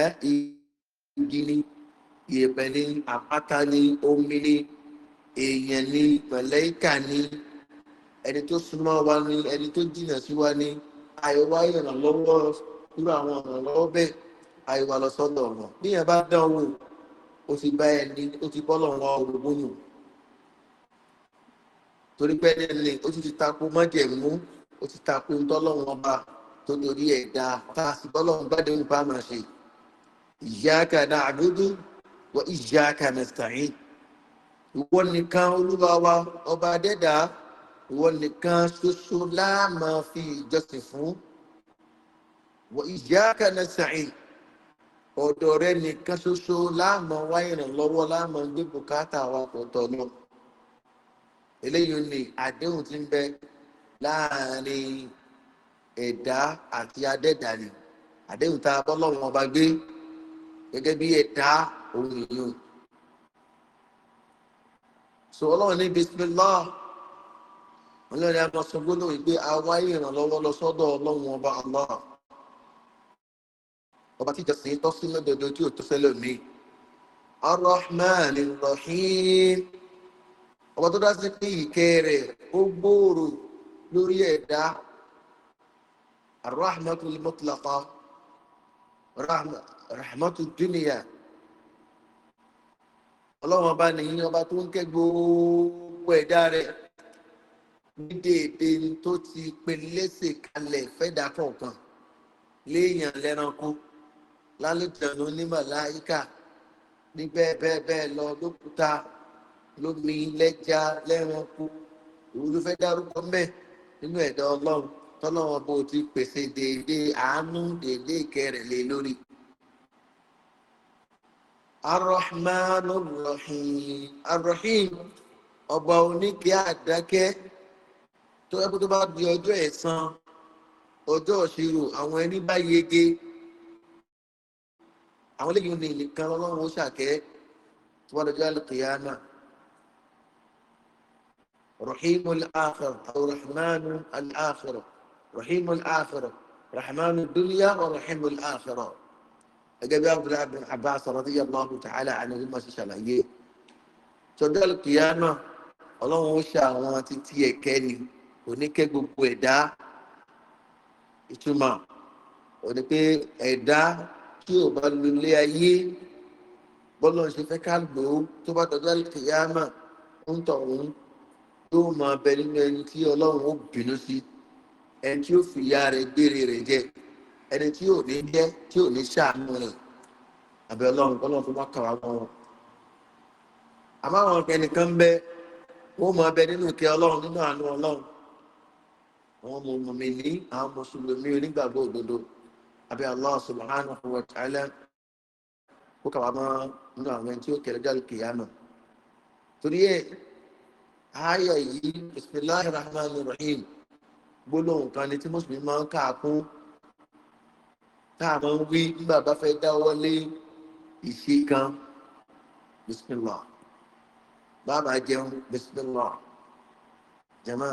ẹ́ igi ni ìyẹ̀pẹ̀ ni àpáta ni omi ni èèyàn ni pẹ̀lẹ́ìkà ni ẹni tó súnmọ́ wa ni ẹni tó jìnà sí wa ni àìwá ìrànlọ́wọ́ irú àwọn ìrànlọ́wọ́ bẹ́ẹ̀ àìwà lọ sọ́dọ̀ ọ̀rọ̀ bí yẹn bá dán owó o ti bá ẹni o ti bọ́ lọ́wọ́ owó yìí torí pé ẹni lè o ti ti tako mọ́jẹ̀mú o ti tako ńtọ́lọ́wọ́n ọba tó torí ẹ̀ dá tá a sì bọ́lọ́wọ́n bá déhùn bá máa ṣe ìyá kàdá àdúdú wọ ìyá kàdá sàyìn ìwọ nìkan olúwa wa ọba adẹ́dàá ìwọ nìkan ṣoṣo láàmà fi ìjọsìn fún wọ ìyá kàdá sàyìn ọ̀dọ̀ rẹ nìkan ṣoṣo láàmọ̀ wá ìrànlọ́wọ́ láàmọ̀ gbé bùkátà wa pọ̀ tọ̀ lọ. eléyìí ni àdéhùn ti ń bẹ láàrin ẹ̀dá àti adẹ́dàní àdéhùn tá a bọ́ lọ́wọ́ ọba gbé gẹ́gẹ́ bí ẹ̀dá òun nìyẹn. sọ ọlọ́run ní bisimilá ọlọ́run ní agbọ́sọ̀gbọ́n náà wípé àwa ìrànlọ́wọ́ lọ sọ́dọ̀ ọlọ́run ọba allah ọba tí ìjọsìn yìí tọ́ sí lọ́dọọdọ tí ò tó fẹ́ lọ́mí arahman rahim ọba tó dá sí pé ìkẹ́ rẹ̀ ó gbòòrò lórí ẹ̀dá arahmatul mutlaqa rahmatul duniya ọlọ́run ọba nìyí ọba tó ń kẹ́ gbogbo ẹ̀dá rẹ̀ ní tó ti pe lẹ́sẹ̀ kalẹ̀ fẹ́dà kọ̀ọ̀kan léèyàn lẹ́ranko lálùjẹ̀nu onímọ̀láyíkà ní bẹ́ẹ̀ bẹ́ẹ̀ bẹ́ẹ̀ lọ lókúta lómi lẹ́ja lẹ́ranko òun ló fẹ́ dárúkọ mẹ́ nínú ẹ̀dá ọlọ́run tọ́lọ́wọ́n bó ti pèsè dèédé àánú dèédé ìkẹrẹ̀ lé lórí. arrahman rahim arrahim ọba oníkẹ́ àdákẹ́ tó ẹkú tó bá di ọjọ́ ẹ̀san ọjọ́ ìṣirò àwọn ẹni bá yege àwọn eléyìí ní nìkan ọlọ́run ó ṣàkẹ́ tí wọ́n lọ́jọ́ àlùkìyàmà رحيم الآخر أو رحمن الآخرة رحيم الآخرة رحمن الدنيا ورحيم الآخرة أجاب عبد الله بن عباس رضي الله تعالى عنه ما شاء sọdọ́l kìíyàmà ọlọ́run ó ṣe àwọn títí ẹ̀kẹ́ ni oníkẹ́ gbogbo ẹ̀dá ìtumọ̀ òní ẹ̀dá tí ò bá lo ilé ayé bọ́lọ̀ ṣe fẹ́ ká lò ó tó bá tọ́jú àlùkìyàmà ń tọ̀hún yóò máa bẹ nínú ẹni tí ọlọ́run ó bínú sí ẹni tí ó fi ìyá rẹ̀ gbére rẹ̀ jẹ ẹni tí ò ní jẹ́ tí ò ní ṣàánú rẹ̀ àbẹ̀ ọlọ́run kọ́ tó bá kàwá mọ́ wọn. àmọ́ àwọn ẹnìkan bẹ wọ́n máa bẹ nínú ìkẹ́ ọlọ́run nínú àánú ọlọ́run àwọn mọ̀mọ́mí ní àwọn mùsùlùmí onígbàgbọ́ òdodo àbí allah subhanahu wa ta'ala kó kàwá mọ́ nínú àwọn ẹni tí ó kẹrẹ jáde kìyàmà torí ẹ ààyè yìí bisimilahi rahman rahim gbólóhùn kan ni tí mùsùlùmí máa ń káàkún tá a máa ń wí nígbà bá fẹ́ dáwọ́ lé ìṣe kan bisimilah bàbá jẹun bisimilah jama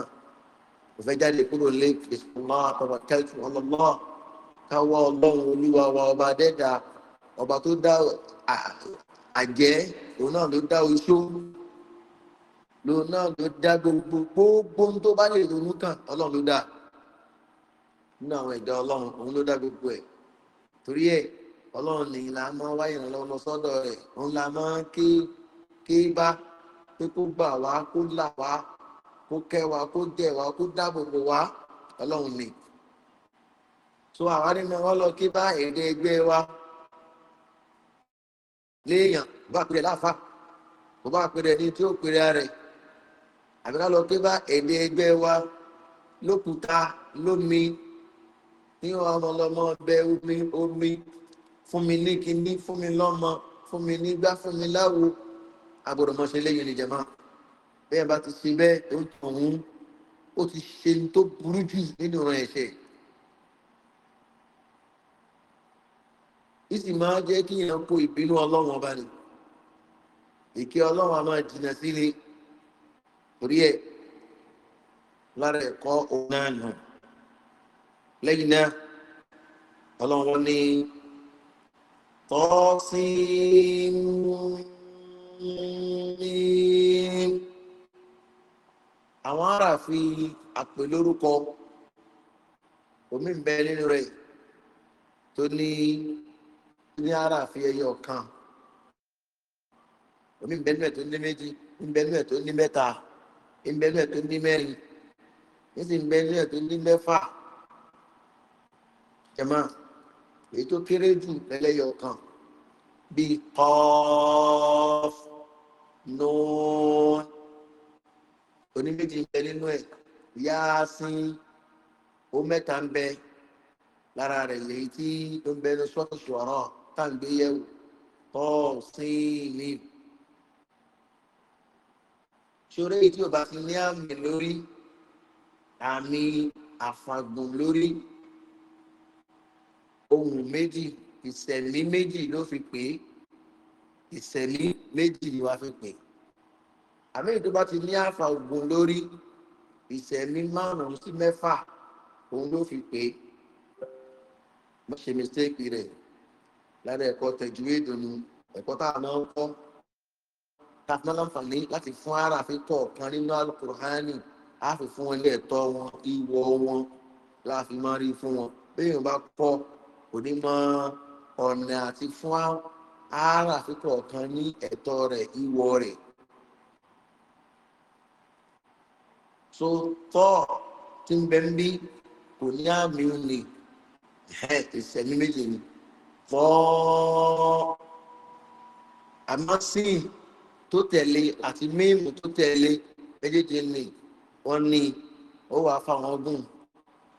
kò jáde kúrò lé bisimilah tọ́ba kẹ́tù ọlọ́lọ́ káwá ọlọ́run olúwa wa ọba dẹ́dà ọba tó dá àjẹ́ òun náà ló dá oṣó lòun náà ló dá gbogbo gbogbo tó bá lè ronú kàn ọlọ́run ló dá nínú àwọn ẹ̀dá ọlọ́run òun ló dá gbogbo ẹ̀ torí ẹ̀ ọlọ́run ní la máa wá ìrànlọ́wọ́ lọ sọ́dọ̀ rẹ̀ òun la máa ké ké bá pé kó gbà wá kó là wá kó kẹ́ wá kó jẹ́ wá kó dáàbò bò wá ọlọ́run nìkan so àwọn arínú wọn lọ kí bá èdè ẹgbẹ́ wa léèyàn bá pèrè láfa kò bá pèrè ní tí ó pèrè rẹ̀ àbí ká lọ kí bá èdè ẹgbẹ́ wa lókùúta lómi ní ọmọlọmọ bẹ omi omi fún mi ní kinní fún mi lọ́mọ fún mi nígbà fún mi láwo agbọ̀dọ̀mọṣẹ́ lẹ́yìn lè jẹ̀mọ́ bá ti ṣe bẹ́ẹ̀ tó ń ó ti ṣe tó burú jù nínú ìran ẹ̀ṣẹ̀ yìí. ìsì máa jẹ́ kí èèyàn kó ìbínú ọlọ́run ọba ni èké ọlọ́run a máa jìnnà sílé torí ẹ̀ lára ẹ̀kọ́ òun náà nù lẹ́yìn náà ọlọ́run ní tọ́sìn àwọn ará àpè lórúkọ omi ń bẹ nínú rẹ̀ tó ní ní ara àfi ẹyẹ ọ̀kan omi ń bẹ nínú ẹ̀ tó ní méjì ń bẹ nínú ẹ̀ tó ní mẹ́ta ń bẹ nínú ẹ̀ tó ní mẹ́rin ń sì ń bẹ nínú ẹ̀ tó ní mẹ́fà jẹ̀mọ́ èyí tó kéré jù lẹ́lẹ́yẹ ọ̀kan bíi kọ́ọ́f nùún oníméjì ń bẹ nínú ẹ̀ yáásín ó mẹ́ta ń bẹ lára rẹ̀ lèyí tí ó ń bẹ ní sọ́ọ̀tù ọ̀rọ̀ tàgbéyẹ̀wò tọ́ọ̀síìlì ṣoré tí o bá ti ní àmì lórí àmì àfàgùn lórí ohun méjì ìsẹ̀lí méjì ló fi pè é ìsẹ̀lí méjì ni wàá fi pè é àmì tó bá ti ní àfàgùn lórí ìsẹ̀lí márùn-ún sí mẹ́fà òun ló fi pè é mo ṣe mistake rẹ̀ lára ẹ̀kọ́ tẹ̀jú èdè ni ẹ̀kọ́ tá a máa ń kọ́ tá a fi láǹfààní láti fún ara àfitọ́ kan nínú alukurhani á fi fún wọn ilé ẹ̀tọ́ wọn ìwọ wọn láàfin máa rí fún wọn bẹ́ẹ̀ bá kọ́ òní mọ ọ̀nà àti fún ara àfitọ́ kan ní ẹ̀tọ́ rẹ̀ ìwọ rẹ̀. so tọ́ tí ń bẹ ń bí kò ní àmì òní ìṣẹ̀mí méje ni tọ́ àmọ́ sí tó tẹ̀lé àti mímu tó tẹ̀lé méjèèjì ni wọ́n ní ó wàá fáwọn gùn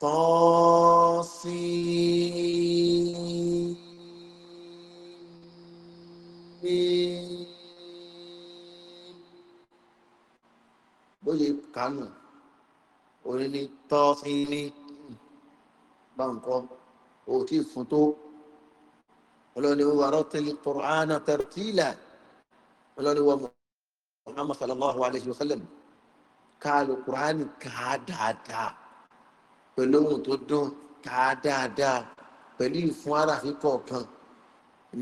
tọ́ sí ní bóyá kánò orin ní tọ́ sí ní báńkọ́ òtí fún tó ọlọ́ni wọ́n wàrọ́ tẹ́lẹ̀ kùránà tẹ̀rẹ̀tìlà ọlọ́ni wọ́n muhammad sallallahu alayhi wa sallam káàlù kùránì ká dáadáa pẹ̀lú ohun tó dún ká dáadáa pẹ̀lú ìfún aráàfin kọ̀ọ̀kan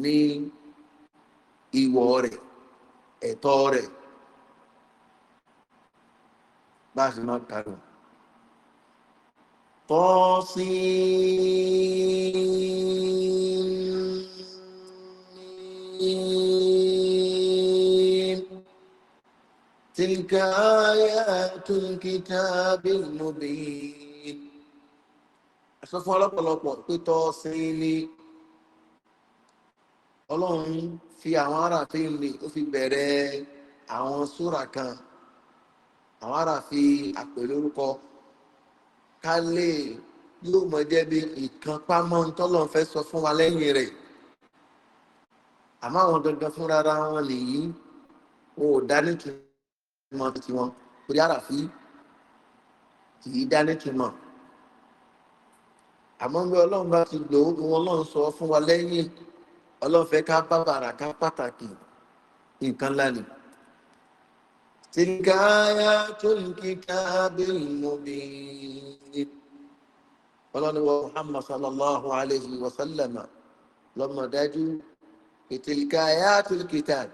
ní ìwọ̀ rẹ̀ ẹ̀tọ́ rẹ̀ bá a sì máa kàánù. tọ́sí. الرجيم تلك آيات الكتاب المبين sọ fún ọlọ́pọ̀lọpọ̀ pé ọlọrun fi àwọn aráàfin mi ó fi bẹ̀rẹ̀ àwọn súra kan àwọn aráàfin fi ká lè yóò mọ̀ jẹ́ bí ìkànpámọ́ sọ fún wa lẹ́yìn àmọ́ àwọn gangan fúnra ara wọn lèyí o ò dá nítumọ̀ tiwọn torí àràfí kì í dá nítumọ̀ àmọ́ bí ọlọ́run bá ti lò ó wọn lọ́n sọ fún wa lẹ́yìn ọlọ́run fẹ́ ká bá bàrà ká pàtàkì nǹkan lánìí. تلك آيات الكتاب المبين قال محمد صلى الله عليه وسلم لما داجوا ìtìlíkà ayatul kitab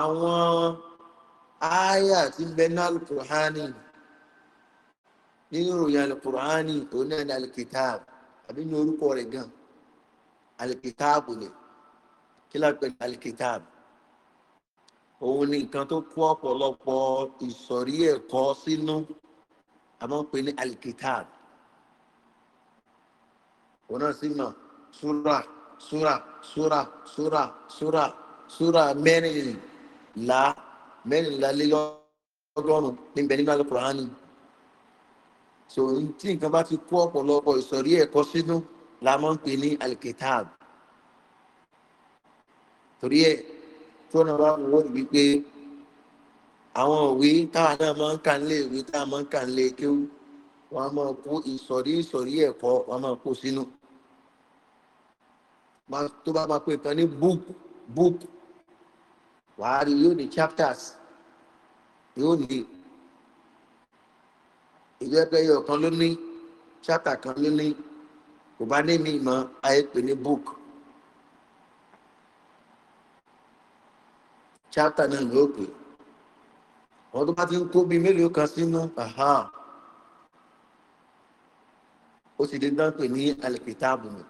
àwọn aya tí ń bẹ ní alukur'ani nínú ìròyìn alukur'ani tó náà ní alukitab àbí ní orúkọ rẹ̀ gan alukitab ni kí lápẹ ní alukitab òun ni nǹkan tó kó ọ̀pọ̀lọpọ̀ ìsọ̀rí ẹ̀kọ́ sínú àmọ́ ní alukitab òun náà sì mọ̀ súrà súrà súrà súrà súrà súrà mẹ́rìnlá mẹ́rìnlá lélọ́gọ́rùn-ún níbẹ̀ nínú alukurani so tí nǹkan bá ti kó ọ̀pọ̀lọpọ̀ ìsọ̀rí ẹ̀kọ́ sínú la máa ń pè ní alkitab torí ẹ̀ tó náà bá wọ́n wípé àwọn òwe táwa náà máa ń kà ń lé ìwé táwa máa ń kà ń lé kéwú wọn máa kó ìsọ̀rí ìsọ̀rí ẹ̀kọ́ wọn máa kó sínú tó bá máa pe nǹkan ní book book wàá rí yóò ní chapters yóò ní ìjọba ẹyọ kan ló ní chapter kan ló ní kò bá ní mi mọ ayé pè ní book chapter náà ló pè wọn tó bá ti ń kó bíi mélòó kan sínú ó sì dé dán pè ní alìkìtàbù mi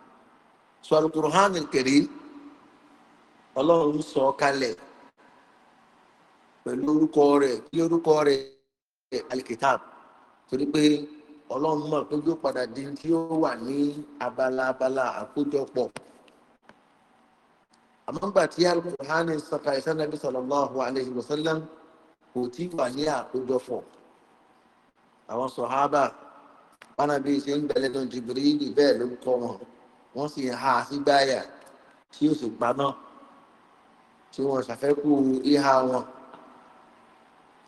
sọ alukur'an kiri ọlọ́run sọ kalẹ̀ pẹ̀lú orúkọ rẹ̀ kí orúkọ rẹ̀ alikitab torí pé ọlọ́run mọ̀ pé yóò padà di tí ó wà ní abala abala àkójọpọ̀ àmọ́ nígbà tí alukur'an sọ̀ka ìsànàbí sọ̀lọ́láhu alayhi wa sallam kò tí wà ní àkójọpọ̀ àwọn sọ̀hábà wọn àbí ṣe ń bẹ̀lẹ̀ lọ jìbìrì bẹ́ẹ̀ ló ń kọ́ wọn wọ́n sì ha sígbáyà tí ó sì paná tí wọ́n ṣàfẹ́kù ìhà wọn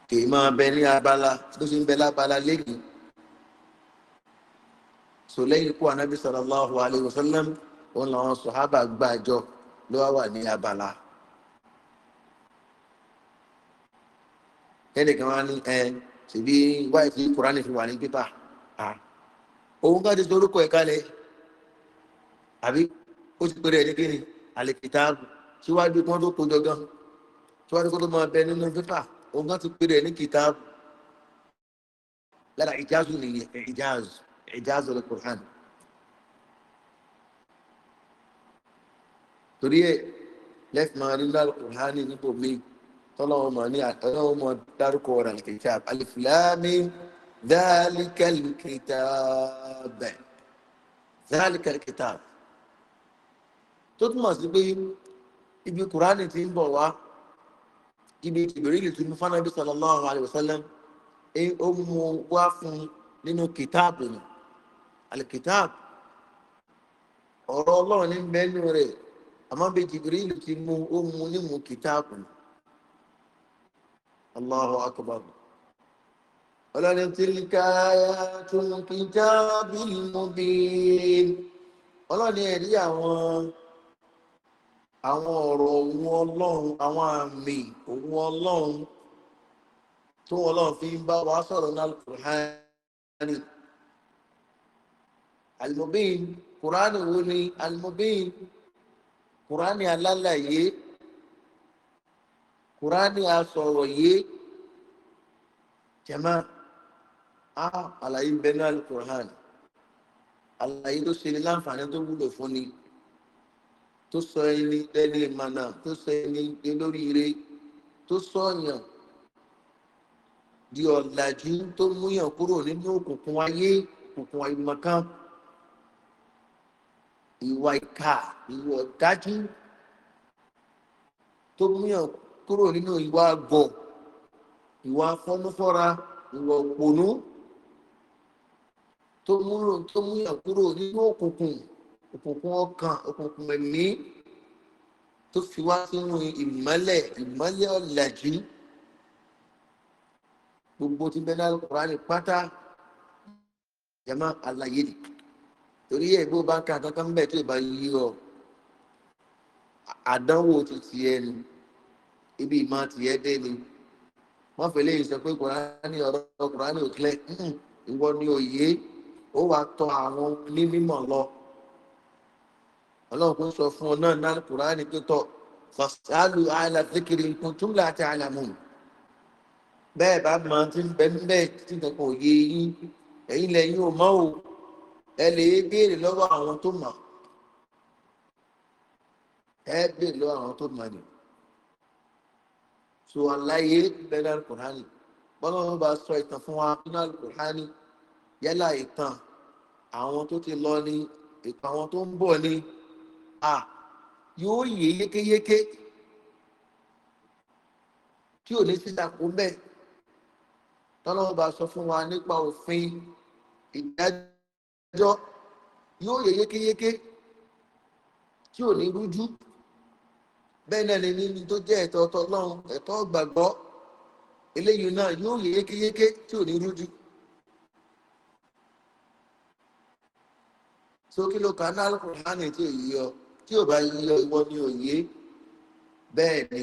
kì í máa bẹ ní abala bó ṣe ń bẹ lábala lẹ́yìn so lẹ́yìn ikú anabi sallallahu alayhi wa sallam òun làwọn sòhábà gbàjọ ló wá wà ní abala. ẹnìkan wá ní ẹ ṣèbí wáìtì kúránì fi wà ní pépà òun ká ti dorúkọ ẹ̀ kalẹ̀ àbí ó ti pèrè ẹni kíni àlèkìtàbù síwájú kí wọ́n tó kójọ gan síwájú kó tó máa bẹ nínú fífà òun gan ti pèrè ẹni kìtàbù lára ìjáàzù nìyẹn ìjáàzù ìjáàzù lè kùrán. torí ẹ lẹ́fì máa rí lára kùrán nípò mi tọ́lọ́wọ́ mọ̀ ní àtọ́lọ́wọ́ mọ̀ dárúkọ ọ̀rọ̀ àlèkìtàbù àlèfìlámi dáálíkàlìkìtàbù dáálíkàlìkìtàbù tó túmọ̀ sí pé ibi kùránì ti ń bọ̀ wá ibi ìbèrèlè tó ní fanabi sallallahu alayhi wa sallam ó mú wá fún nínú kìtáàbù ni alikitaab ọ̀rọ̀ ọlọ́run ní mẹ́nu rẹ̀ àmọ́ bí jibril ti mú ó mú nímú kìtáàbù ni allahu akbar ọlọ́run tún kìtáàbù mubin ọlọ́run ẹ̀rí àwọn àwọn ọ̀rọ̀ òun ọlọ́run àwọn àmì òun ọlọ́run tó ọlọ́run fi ń bá wa sọ̀rọ̀ náà kùránì alimobin kùránì wo ni alimobin kùránì alálàyé kùránì asọ̀rọ̀ yé jẹ̀mọ́ a àlàyé bẹ́ẹ̀ náà kùránì àlàyé tó ṣe ní láǹfààní tó wúlò fún ni tó sọ ẹni lẹ́ni ìmànà tó sọ ẹni lórí ire tó sọ ọ̀yàn di ọ̀làjú tó múyàn kúrò nínú òkùnkùn ayé òkùnkùn àìmọ̀kan ìwà ìka ìwà ọ̀dájú tó múyàn kúrò nínú ìwà àgọ̀ ìwà afọ́núfọ́ra ìwà òpònú tó múyàn kúrò nínú òkùnkùn òkùnkùn ọkàn òkùnkùn ẹ̀mí tó fi wá sínú ìmọ́lẹ̀ ìmọ́lẹ̀ ọ̀làjú gbogbo tí bẹ́ẹ̀ náà kùránì pátá jẹ́mọ́ àlàyé nì torí ẹ̀ gbọ́ bá ń ka kankan bẹ́ẹ̀ tó ìbá yí ọ àdánwò tó ti ẹ ni ibi ìmọ̀ ti ẹ dé ni wọ́n fẹ́lẹ́ yìí sọ pé kùránì ọ̀rọ̀ kùránì ò kílẹ̀ ìwọ ni òye ó wàá tọ àwọn onímọ̀ lọ ọlọ́run tó sọ fún ọ náà náà kùránì tó tọ̀ fàṣálù àlàzíkiri nǹkan tún láti àlàmù bẹ́ẹ̀ bá mọ tí ń bẹ níbẹ̀ tí nǹkan kò yé yín ẹ̀yin lẹ́yìn ò mọ́ o ẹ lè béèrè lọ́wọ́ àwọn tó mọ̀ ẹ béèrè lọ́wọ́ àwọn tó mọ̀ ni so aláyé bẹ́ẹ̀ kùránì bọ́lá wọn bá sọ ìtàn fún wa nínú àlùkùránì yálà ìtàn àwọn tó ti lọ ni ìtàn àwọn tó ń bọ̀ ni à yóò yé yékéyéké tí ò ní sísàkó bẹ́ẹ̀ tọ́lọ́wọ́ bá sọ fún wa nípa òfin ìdájọ́ yóò yé yékéyéké tí ò ní rújú bẹ́ẹ̀ náà ni nínú tó jẹ́ ẹ̀tọ́ tọ́lọ́run ẹ̀tọ́ gbàgbọ́ eléyìí náà yóò yé yékéyéké tí ò ní rújú. sókè ló kà á ní alukóra ní ètò èyí yọ tí ò bá yíyọ ìwọ ní òye bẹ́ẹ̀ ni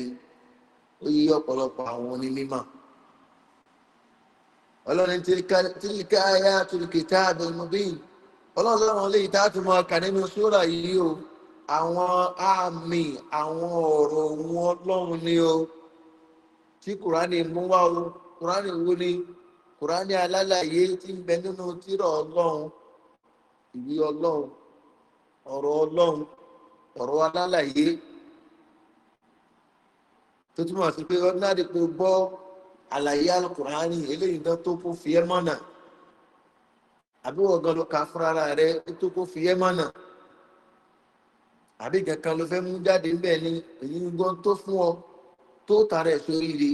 ó yíyọ ọ̀pọ̀lọpọ̀ àwọn onímọ̀ ọlọ́run tìlíkà ayá tìlíkì tá a bẹ̀rù bí ọlọ́run láwọn lè tá a tún mọ ọkà nínú sóra yìí o àwọn àmì àwọn ọ̀rọ̀ ohun ọlọ́run ni o tí kùránì mú wá o kùránì wo ni kùránì alálàyé tí ń bẹ nínú tírà ọlọ́run ìwé ọlọ́run ọ̀rọ̀ ọlọ́run ọ̀rọ̀ alálàyé tó túmọ̀ sí pé ọ̀nàdì pé gbọ́ àlàyé alukurani eléyìí náà tó kó fi ẹ́ mọ́nà àbí wọ́n gan ló ka fúnra rẹ̀ tó kó fi ẹ́ mọ́nà àbí kankan ló fẹ́ mú jáde ńbẹ̀ ni èyí ń gbọ́n tó fún ọ tó tara ẹ̀ sórí rí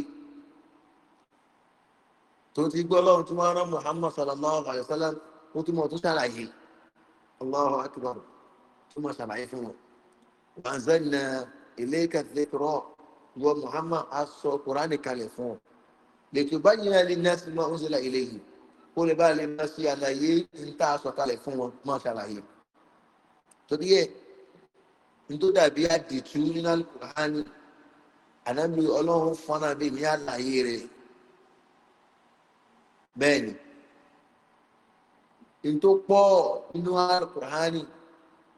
tó ti gbọ́ lọ́run tó máa rán muhammad sallallahu alayhi wa sallam ó túmọ̀ tó ṣàlàyé allahu akbar tó máa ṣàlàyé fún wọn wàzánà ilé kàtẹ́kọ̀rọ̀ wọ muhammad asọ kùránì kalẹ̀ fún ọ lẹ́tọ̀ báyìí náà lè nẹ́ẹ̀sì máa ń sílẹ̀ ilé yìí kó lè bá lè máa ṣe àlàyé níta aṣọ kalẹ̀ fún wọn máa ṣàlàyé torí ẹ̀ nítorí dàbí àdìtú nínú alukùránì ànábi ọlọ́run fọ́nà bíi ní àlàyé rẹ̀ bẹ́ẹ̀ ni nítorí pọ̀ nínú alukùránì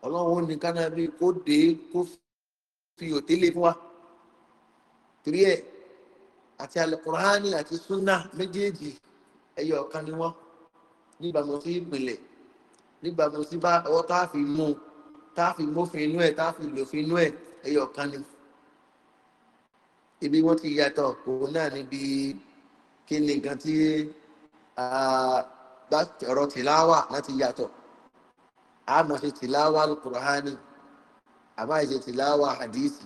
ọlọ́run ní kánábí kó dé kó fi òtélé fún wa torí ẹ àti alukurani àti sunna méjèèjì ẹyọ ọ̀kan ni wọ́n níbàámu sí ìpìlẹ̀ níbàámu sí bá ọwọ́ tá a fi mú tá a fi mófin inú ẹ̀ tá a fi lòfin inú ẹ̀ ẹyọ ọ̀kan ni ibi wọ́n ti yàtọ̀ òun náà níbi kí ni nǹkan tí ọ̀rọ̀ tìláwà láti yàtọ̀. اما في تلاوه القران اما في تلاوه حديث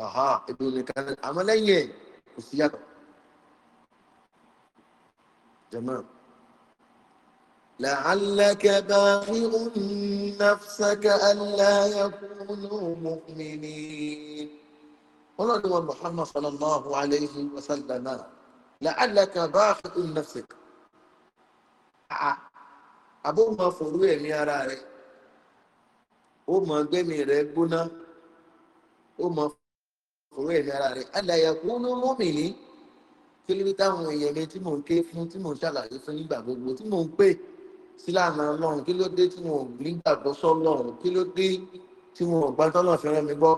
أها ابن كان عمليا وسياق جماعة لعلك باخئ نفسك الا يكونوا مؤمنين قال محمد صلى الله عليه وسلم لعلك باخئ نفسك أه، ابو ما فروي ميارا ó mọ gbẹ́mi rẹ̀ gbóná ó mọ fòrò ẹ̀mí ara rẹ̀ alàyà kúnú mọ́mìnì kílíbi táwọn èèyàn mi tí mò ń ké fún tí mò ń ṣàlàyé fún nígbà gbogbo tí mò ń pè sílànà ọlọ́run kí ló dé tí wọn ò nígbàgbọ́ sọ́lọ́run kí ló dé tí wọn ò gbá tọ́lọ̀ fi rán mi gbọ́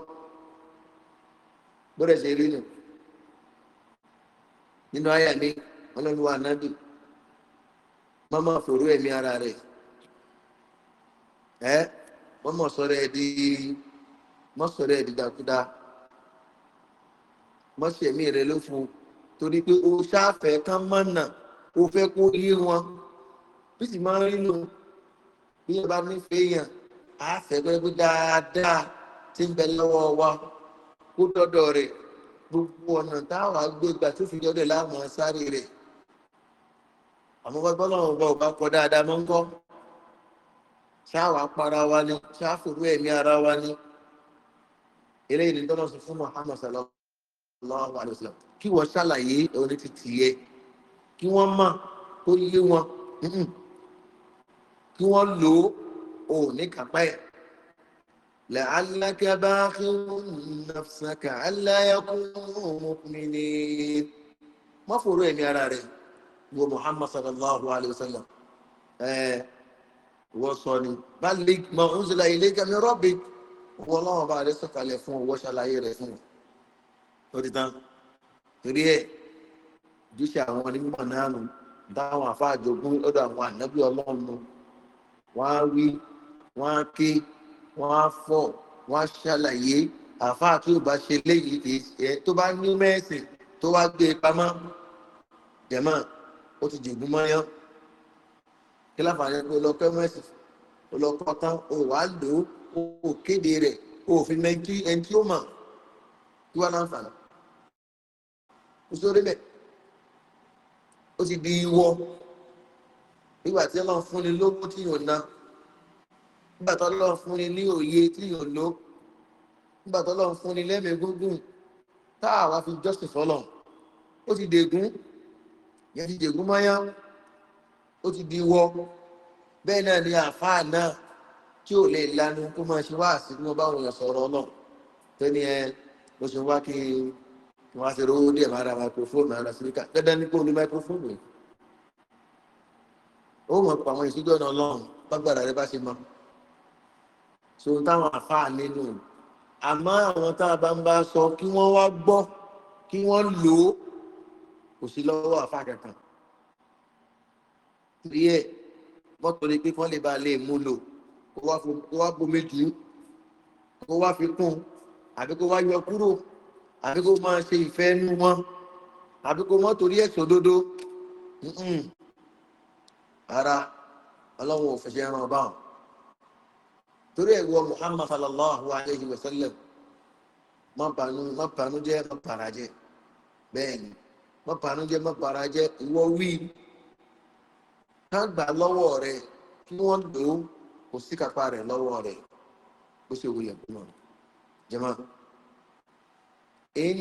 bọ́dẹ̀ ṣe rí nù nínú àyà mi ọlọ́run wa mọ́mọ́ fòrò ẹ̀mí ara rẹ̀ ẹ́. Eh? wọ́n mọ̀ sọ́rọ̀ ẹ̀ di mọ̀ dákúdá ẹ̀mí rẹ̀ ló fún torí pé o ṣáfẹ́ kán mọ̀nà o fẹ́ kó yé wọn bí sì máa ń rí fẹ́ dáadáa ti ń gbogbo ọ̀nà táwa gbé gbà tó fi láwọn sáré àmọ́ bọ́lá ọ̀gbọ́n ò bá kọ dáadáa ṣáwà para wa ni ṣáfòrú ẹ̀mí ara wa ni eléyìí ni tọ́lọ́ sọ fún muhammad sallallahu alayhi wa sallam kí wọ́n ṣàlàyé orin ti tìyẹ kí wọ́n mọ̀ kó yé wọn kí wọ́n lò ó ní kápá ẹ̀. لعلك باخر نفسك ألا يكونوا مؤمنين ما فورو يا راري ومحمد صلى الله عليه وسلم آه wọ́n sọ ni balik ma ń zila ilé kẹmi rọ́bì wọ́n lọ́wọ́n bá rẹ sọ̀kalẹ̀ fún ọwọ́ ṣàlàyé rẹ fún ọ ti tán torí ẹ ojúṣe àwọn onímọ̀ náà nù dáhùn àfáàjogún lọ́dọ̀ àwọn ànábì ọlọ́run nù á wí wọ́n á ké wọ́n á fọ̀ wọ́n á ṣàlàyé àfáà tó bá ṣe léyìí kì í ṣe tó bá ní mẹ́sìn tó wá gbé pamọ́ jẹ̀mọ́ ó ti jẹ̀gún mọ́yán kí láǹfààní pé lọ kọ́ mẹ́sì lọ kọ́ tán o wà á lò ó o kéde rẹ̀ o ò fi mẹ́ntí ẹni tí ó mọ̀ kí wọ́n láǹfààní. o sórí bẹ́ẹ̀ ó ti di iwọ nígbà tí wọ́n fún ni lówó tí yóò ná nígbà tí wọ́n fún ni ní òye tí yóò lò nígbà tí wọ́n fún ni lẹ́mìí gúngùn tá wá fi jọ́sìn fọlọ́ ó ti dègún yẹn ti dègún máyà ó ti di wọ́ bẹ́ẹ̀ náà ni àáfàá náà tí ò lè lanu kó máa ṣe wá àsìkò wọn báwọn èèyàn sọ̀rọ̀ náà tó ní ẹ ló ṣe wá kí wọ́n á ṣe rówó díẹ̀ máa ra microphone máa ra sílíkà dandan ní kó ní microphone yìí ó mọ̀ pa àwọn ìṣújọ́ náà lọ́rùn bágbára rẹ bá ṣe mọ́ so táwọn àáfàá nínú àmọ́ àwọn tá a bá ń bá sọ kí wọ́n wá gbọ́ kí wọ́n lò ó kò sí lọ́wọ́ àáfàá kankan torí ẹ̀ bọ́tò ni pé kán lè ba lè mú lò kó wá bomi jù ú kó wá fi kún àbí kó wá yọ kúrò àbí kó máa ṣe ìfẹ́ nú wọn àbí kó mọ́ torí ẹ̀ sòdodo ara ọlọ́run ò fẹsẹ̀ ẹran ọba hàn torí ẹ̀ wọ muhammad sallallahu alayhi wa sallam má bànú má bànú jẹ́ má bàrà jẹ́ bẹ́ẹ̀ ni má bànú jẹ́ má bàrà jẹ́ ìwọ wíì kán gbà lọ́wọ́ rẹ̀ kí wọ́n lò ó kò sí kápá rẹ̀ lọ́wọ́ rẹ̀ bó ṣe wòye ẹ̀kọ́ náà jẹ́mọ́. إن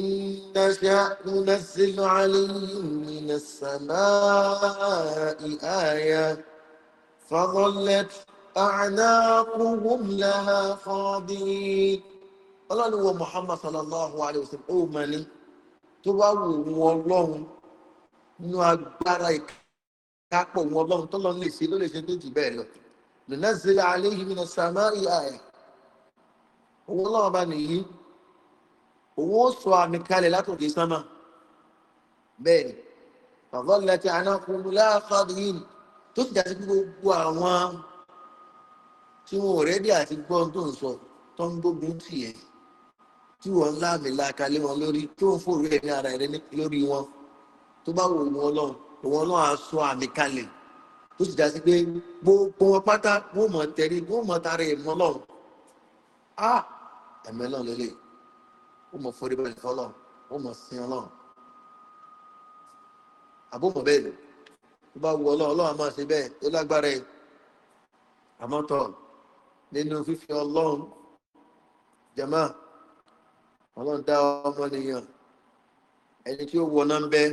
شاء ننزل عليهم من السماء آية فظلت أعناقهم لها خاضعين ọlọ́run wo muhammad sallallahu alayhi wa sallam ó mọ̀ ní tó bá wù wọ́n lọ́hùn nínú agbára ìkà kápọ̀ òun ọlọ́run tọ́lọ́ lè ṣe ló lè ṣe tó jù bẹ́ẹ̀ lọ lùnà zèlè alẹ́ yìí nínú sàmá ìhà ẹ̀ owó ọlọ́run bá nìyí owó sọ àmì kalẹ̀ látòkè sánmà bẹ́ẹ̀ ni bàbá lẹ́tẹ̀ anákùnrin láàfáàdìyìn tó ti dàsí gbogbo àwọn tí wọn ò rẹ́dí àti gbọ́n tó ń sọ tó ń gbógun tì ẹ́ tí wọ́n láàmì làkàlẹ́ wọn lórí tó ń fòrò ẹ̀ ní ara ẹ̀ lórí wọn tó bá wò wọn lọ́run ìwọ náà á sọ àmì kalẹ̀ tó sì já sí pé gbogbo wọn pátá wọn mọ̀ tẹ̀rí wọn mọ̀ tara ìmọ̀ lọ́run á ẹ̀mẹ́ náà lélẹ̀ wọn mọ̀ forí bẹ́ẹ̀ fọlọ́ wọn mọ̀ sin ọlọ́run àbúmọ̀ bẹ́ẹ̀ lò tó bá wù ọlọ́run ọlọ́run máa ṣe bẹ́ẹ̀ tó lágbára ẹ̀ àmọ́ tọ̀ nínú fífi ọlọ́run jama ọlọ́run dá ọmọ nìyàn ẹni tí ó wọ náà ń bẹ́ẹ̀.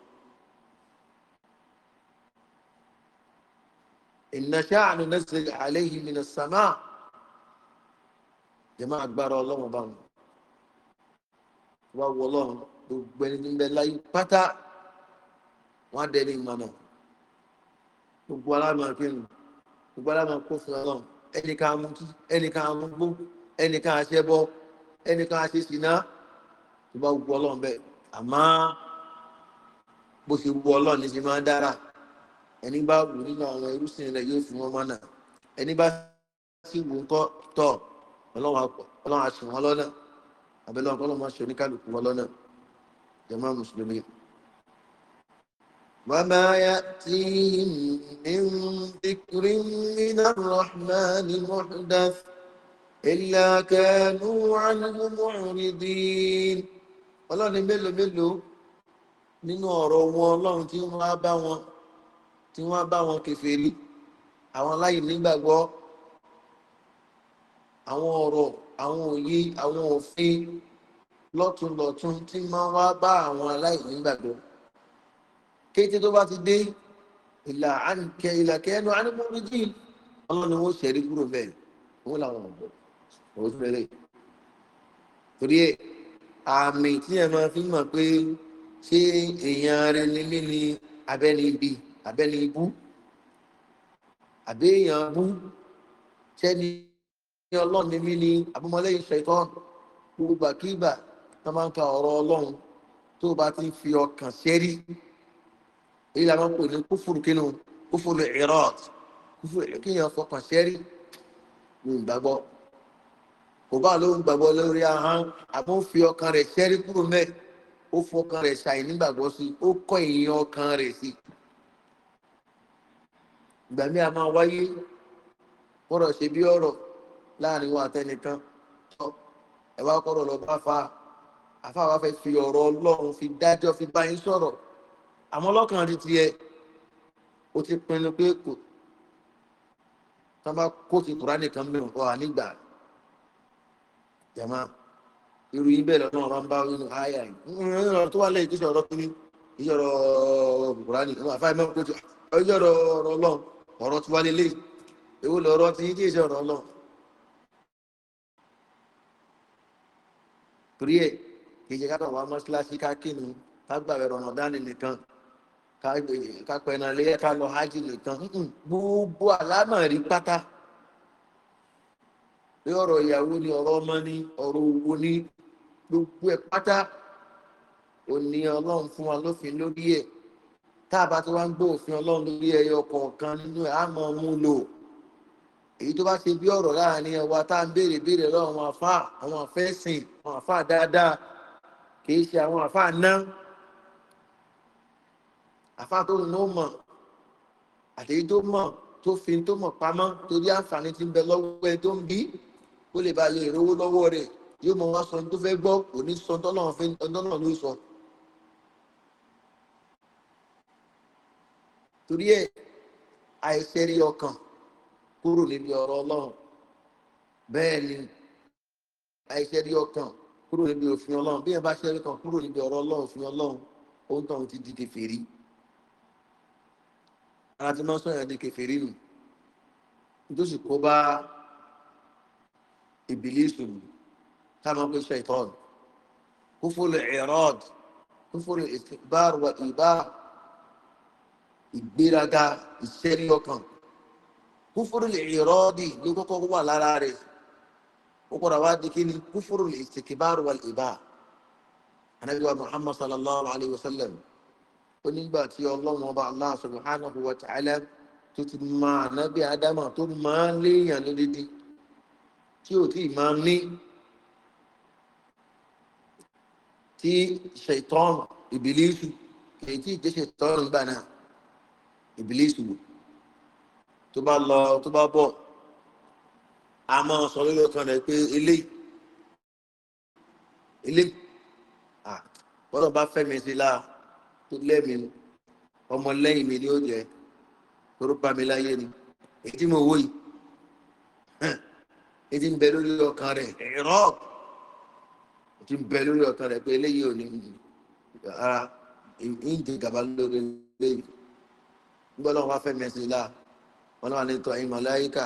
ìnáṣẹ́ ànúnẹ́sẹ̀ àléhì mìíràn sàmà jẹ́mọ́ agbára ọlọ́run bá wọn wá wọ ọlọ́run gbogbo ẹni nílẹ̀ láyé pátá wọn á dẹni ìmọ̀nà gbogbo aláàmọ̀ fíìmù gbogbo aláàmọ̀ kó fún ọlọ́run ẹnìkan amúkí ẹnìkan amúgbó ẹnìkan aṣẹ́bọ ẹnìkan aṣèṣìná tó bá wù ọlọ́run bẹ́ẹ̀ àmọ́ bó ṣe wù ọlọ́run ní ti máa dára ẹni bá wù nínú àwọn irúsìn rẹ yóò fi wọn mọ́nà ẹni bá sì wù ń kọ́ tọ̀ ọlọ́run àṣù wọn lọ́nà àbẹ̀lẹ̀ ọ̀pọ̀ ọlọ́run àṣù oníkàlùkù wọn lọ́nà jẹ̀mọ́ mùsùlùmí. وما يأتيهم من ذكر من الرحمن محدث إلا كانوا عنه معرضين ọlọ́run mélòó mélòó nínú ọ̀rọ̀ wọn ọlọ́run tí tí wọ́n bá wọn kẹfẹ́rí àwọn láyé nígbàgbọ́ àwọn ọ̀rọ̀ àwọn òye àwọn òfin lọ́túnlọ́tún tí máa wá bá àwọn aláìní gbàgbọ́ kété tó bá ti dé ìlà ànkẹ ìlà kẹnu ànímọ́rìjì ọlọ́ni wọn ṣẹ̀rí kúrò bẹ́ẹ̀ wọn làwọn ọ̀dọ́ òun fẹ́rẹ̀ torí ẹ̀ àmì tí ẹ máa fi mọ̀ pé ṣé èèyàn rẹ nílé ni abẹ́ni bíi àbẹ́ni ibú àbẹ́yàn bú sẹ́ni ọlọ́run ní mí ni abúmọ́lẹ́yìn ṣẹ̀tọ́ gbogbo àkíbà tó máa ń ka ọ̀rọ̀ ọlọ́run tó bá ti fi ọkàn ṣẹ́rí èyí la máa ń pè ní kúfùrù kínú kúfùrù ìrọ́t kúfùrù kíyàn fọkàn ṣẹ́rí ní ìgbàgbọ́ kò bá ló ń gbàgbọ́ lórí ahọ́n àbó fi ọkàn rẹ̀ ṣẹ́rí kúrò mẹ́ ó fọkàn rẹ̀ ṣàì nígbàgbọ́ sí ó kọ́ ìyẹn ọkàn rẹ̀ sí i ìgbà mi a máa wáyé mọ̀rọ̀ ṣe bí ọ̀rọ̀ láàrin wọn àtẹnìkan tọ́ ẹ wá lọ bá fa àfa wa fẹ́ fi ọ̀rọ̀ ọlọ́run fi dájọ́ fi bá yín sọ̀rọ̀ àmọ́ ọlọ́kàn rí tiẹ̀ o ti pinnu pé kò tán bá kó ti kúrá nìkan mìíràn kọ́ wa jama irú yín bẹ́ẹ̀ lọ́nà ọ̀rọ̀ ń àyà yìí ọ̀rọ̀ tó wà lẹ́yìn kí sọ̀rọ̀ kí ni ìṣọ̀rọ̀ kúrá nìkan àfa ẹ̀mọ́ kó ti ọ̀rọ̀ ọlọ́run. ọ̀rọ̀ tí wá lélẹ̀ èwo lọ̀rọ̀ tí yín jẹ́ ọ̀rọ̀ lọ. torí ẹ̀ kì í ṣe káàtọ̀ wá mọ́ṣíláṣí ká kínu ká gbàgbé rọ̀mọ̀dánì nìkan ká pẹ̀nà lẹ́yẹ ká lọ hajj nìkan gbogbo àlámà rí pátá bí ọ̀rọ̀ ìyàwó ni ọ̀rọ̀ ọmọ ni ọ̀rọ̀ owó ni gbogbo ẹ̀ pátá òní ọlọ́run fún wa lófin lórí ẹ̀ tá a bá tó wá ń gbọ́ òfin ọlọ́run lórí ẹyọ kọ̀ọ̀kan nínú ẹ̀ á mọ mú lò èyí tó bá ṣe bí ọ̀rọ̀ láàrin ẹwà tá à ń béèrè béèrè lọ àwọn àfa àwọn àfẹ́sìn àwọn àfa dáadáa kì í ṣe àwọn àfa ná àfa tó ń lò mọ̀ àtẹ̀yí tó mọ̀ tó fi tó mọ̀ pamọ́ torí àǹfààní ti ń bẹ lọ́wọ́ ẹ tó ń bí kó lè bá yọ ìrówó lọ́wọ́ rẹ̀ yóò mọ wá sọ tó fẹ́ gbọ́ kò sọ tọ́lọ́run torí ẹ àìsẹ̀rí ọkàn kúrò níbi ọ̀rọ̀ ọlọ́run bẹ́ẹ̀ ni àìsẹ̀rí ọkàn kúrò níbi òfin ọlọ́run bí ẹ bá ṣẹ́rí kan kúrò níbi ọ̀rọ̀ ọlọ́run òfin ọlọ́run òun tóun ti di kẹfẹ́rí ara ti máa ń sọ̀yàn di kẹfẹ́rí nù nítòsí kó bá ìbílísù táwọn pè sọ ìtọ́n kúfúlù ìrọ́d kúfúlù ìsìkbárù wà ìbáà ìgbéraga ìṣẹ́rí ọkàn kúfúrú lè rọ́ọ̀dì ló kọ́kọ́ wà lára rẹ̀ ó padà wá di kí ni kúfúrú lè ṣèkébárò wà lè bá anabiwa muhammad sallallahu alayhi wa sallam ó nígbà tí ọlọ́run ọba allah subhanahu wa ta'ala tó ti ma anabi adama tó máa ń léèyàn ní dídí tí ò tí máa ní tí ṣètọ́n ìbílísù èyí tí ìjẹ́ ṣètọ́n gbà náà ìbílísù tó bá lọ tó bá bọ̀ a máa sọ lórí ọkàn rẹ̀ pé eléyìí eléyìí wọ́n náà bá fẹ́ mi sí láà tó lẹ́mi ọmọ lẹ́yìn mi ni ó jẹ́ toró bá mi láyé ni èyí mo wó yìí èyí ń bẹ lórí ọkàn rẹ̀ ẹ̀rọ èyí ń bẹ lórí ọkàn rẹ̀ pé eléyìí ò ní ń jẹ gàba lórí eléyìí gbọ́dọ̀ wá fẹ́ mẹ́sì la wọn náà wà ní tọ́ ìmọ̀ láyíká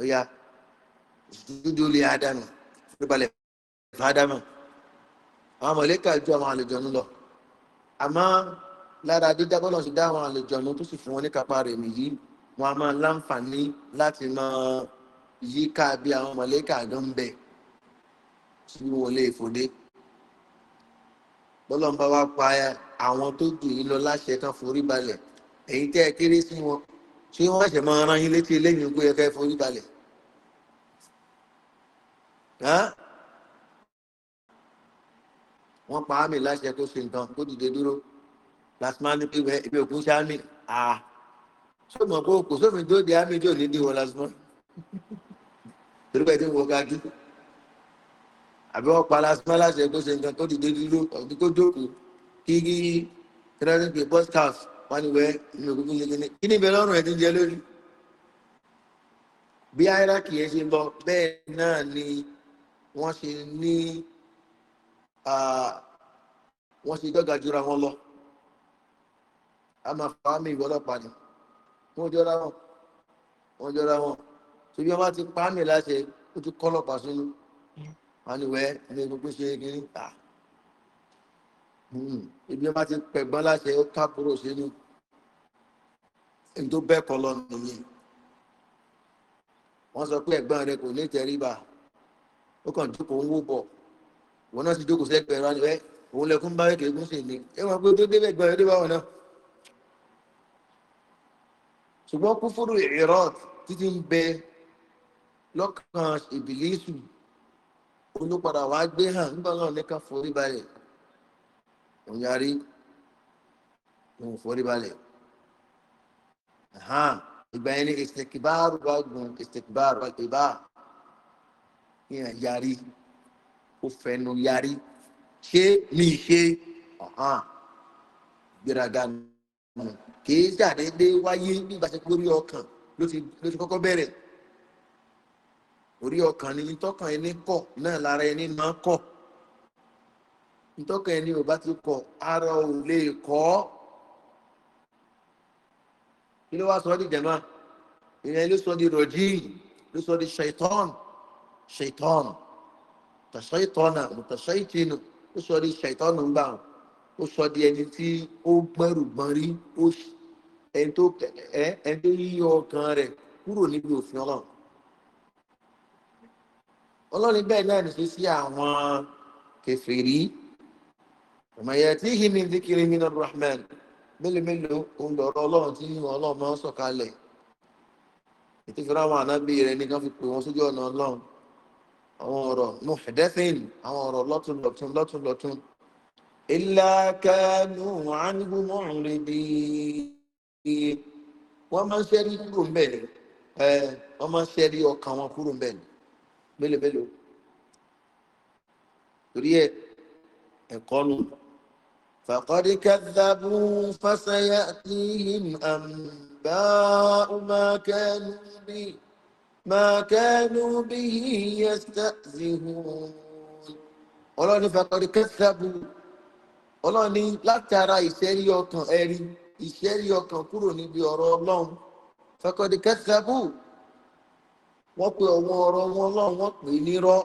ó yá dúdú lé ádámù níbalẹ̀ ádámù àwọn mọ̀lẹ́kà ju àwọn àlejòónú lọ àmọ́ lára dídá bọ́lọ̀ sí dá àwọn àlejòónú tó sì fún wọn ní kápá rẹ̀ nìyí wọn a máa láǹfààní láti máa yí ká bí àwọn mọ̀lẹ́kà gan bẹ̀ tí wọn lè fòde bọ́lọ̀ ń bá wa pa àwọn tó dùn yìí lọ láṣẹ kan forí balẹ̀ èyí tẹ́ ẹ kéré sí wọn ṣé wọ́n ṣẹ̀ máa rán yín létí eléyìí ogún yẹn fẹ́ forí balẹ̀ wọ́n pa ámì láṣẹ kó ṣe nǹkan kó dìde dúró lásìmánú pé ibi òkú ṣe ámì à ṣé mọ̀ pé kò sófin tó di ámì tó ní díwọ̀ lásìmánú torí pé tí wọ́n ga jù àbí wọ́n pa lásìmánú láṣẹ kó ṣe nǹkan kó dìde dúró ọ̀dí kó jókòó kí kí kí kí bọ́sítàsì wọn ni wẹ inú kúkú ṣe kíní kíní bẹ lọ́rùn ẹ̀ ti jẹ lórí bí áíráàkì yẹn ṣe ń bọ bẹ́ẹ̀ náà ni wọ́n ṣe ní wọ́n ṣe dọ́gà jura wọn lọ a máa fa àmì ìwọ́lọ́pàá ni wọ́n jọra wọn wọ́n jọra wọn ṣebí wọ́n bá ti pa àmì láṣẹ ó ti kọ́ lọ́pàá sínú wọn ni wẹ́ ní gbogbo ṣe kíní Hmm. ibi má ti pẹ̀gbọ́n láṣẹ ó kápúrò sínú èyí tó bẹ́ẹ̀ kọ́ lọ nìyí wọ́n sọ pé ẹ̀gbọ́n rẹ kò ní tẹríba ó kàn jókòó ń wó bọ̀ wọn náà sì jókòó sẹ́gbẹ̀ẹ́ rán ẹ òun lẹkùn bá ẹ̀kẹ́ egún sì ni ẹ wọn pé tó débẹ̀ gbọ́n ẹdí báwọn náà ṣùgbọ́n kúfúrú ìrọ́t títí ń bẹ lọ́kàn ìbìlísù olùpadà wàá gbé hàn nígbà náà ní ká forí balẹ̀ kò yarí òun forí balẹ̀ ìgbà yẹn ni ìsèkìbáàrú bá gun ìsèkìbáàrú bá gbé bá yẹn yarí kó fẹnu yarí ṣé mi ṣe gbéraga nù kìí ṣàdédé wáyé nígbà tí lórí ọkàn ló ti kọ́kọ́ bẹ̀rẹ̀ orí ọkàn ni tọkàn ẹni kọ̀ náà lára ẹni máa kọ̀ ìtọ́kẹ́ ẹni ò bá ti kọ ara ò lè kọ́ kí ló wá sọ ọ́ di jẹ̀mọ́ ìyẹn ló sọ di rọ̀jì ló sọ di ṣèitán ṣèitán tàṣẹ́ìtọ́nà mùtàṣẹ́ìtìnù ó sọ di ṣèitánù ń bà wọn ó sọ di ẹni tí ó gbẹ́rù gbọ́n rí ẹni tó ẹni tó yí ọkàn rẹ̀ kúrò níbi òfin ọlọ́run ọlọ́run bẹ́ẹ̀ náà ní sí àwọn kẹfìrí ọmọye tí hìmí ti kiri hìmí náà rahman mélòó mélòó òun lọrọ ọlọrun tí wọn ọlọrun máa ń sọkalẹ ètò ìfura àwọn ànábì rẹ ní káfí pé wọn sójú ọ̀nà ọlọrun àwọn ọ̀rọ̀ nù fẹ̀dẹ́fìn àwọn ọ̀rọ̀ lọ́tún lọ́tún lọ́tún lọ́tún ilá kánú àánúgbò mọ́rùn rẹ̀ bí wọ́n máa ń ṣẹ́rí kúrò ń bẹ̀ ni wọ́n máa ń ṣẹ́rí ọkàn wọn kúrò ń bẹ̀ mélòó mélòó torí ẹ ẹ̀kọ́ nù. فقد كذبوا فسيأتيهم أنباء ما كانوا به ما كانوا به يستهزئون ọlọ́run ní fakọ́rí kẹ́sàbù ọlọ́run ní látara ìṣẹ́rí ọkàn ẹ̀rí ìṣẹ́rí ọkàn kúrò níbi ọ̀rọ̀ ọlọ́run fakọ́rí kẹ́sàbù wọ́n pe ọ̀wọ́ ọ̀rọ̀ wọn ọlọ́run wọ́n pè é nírọ́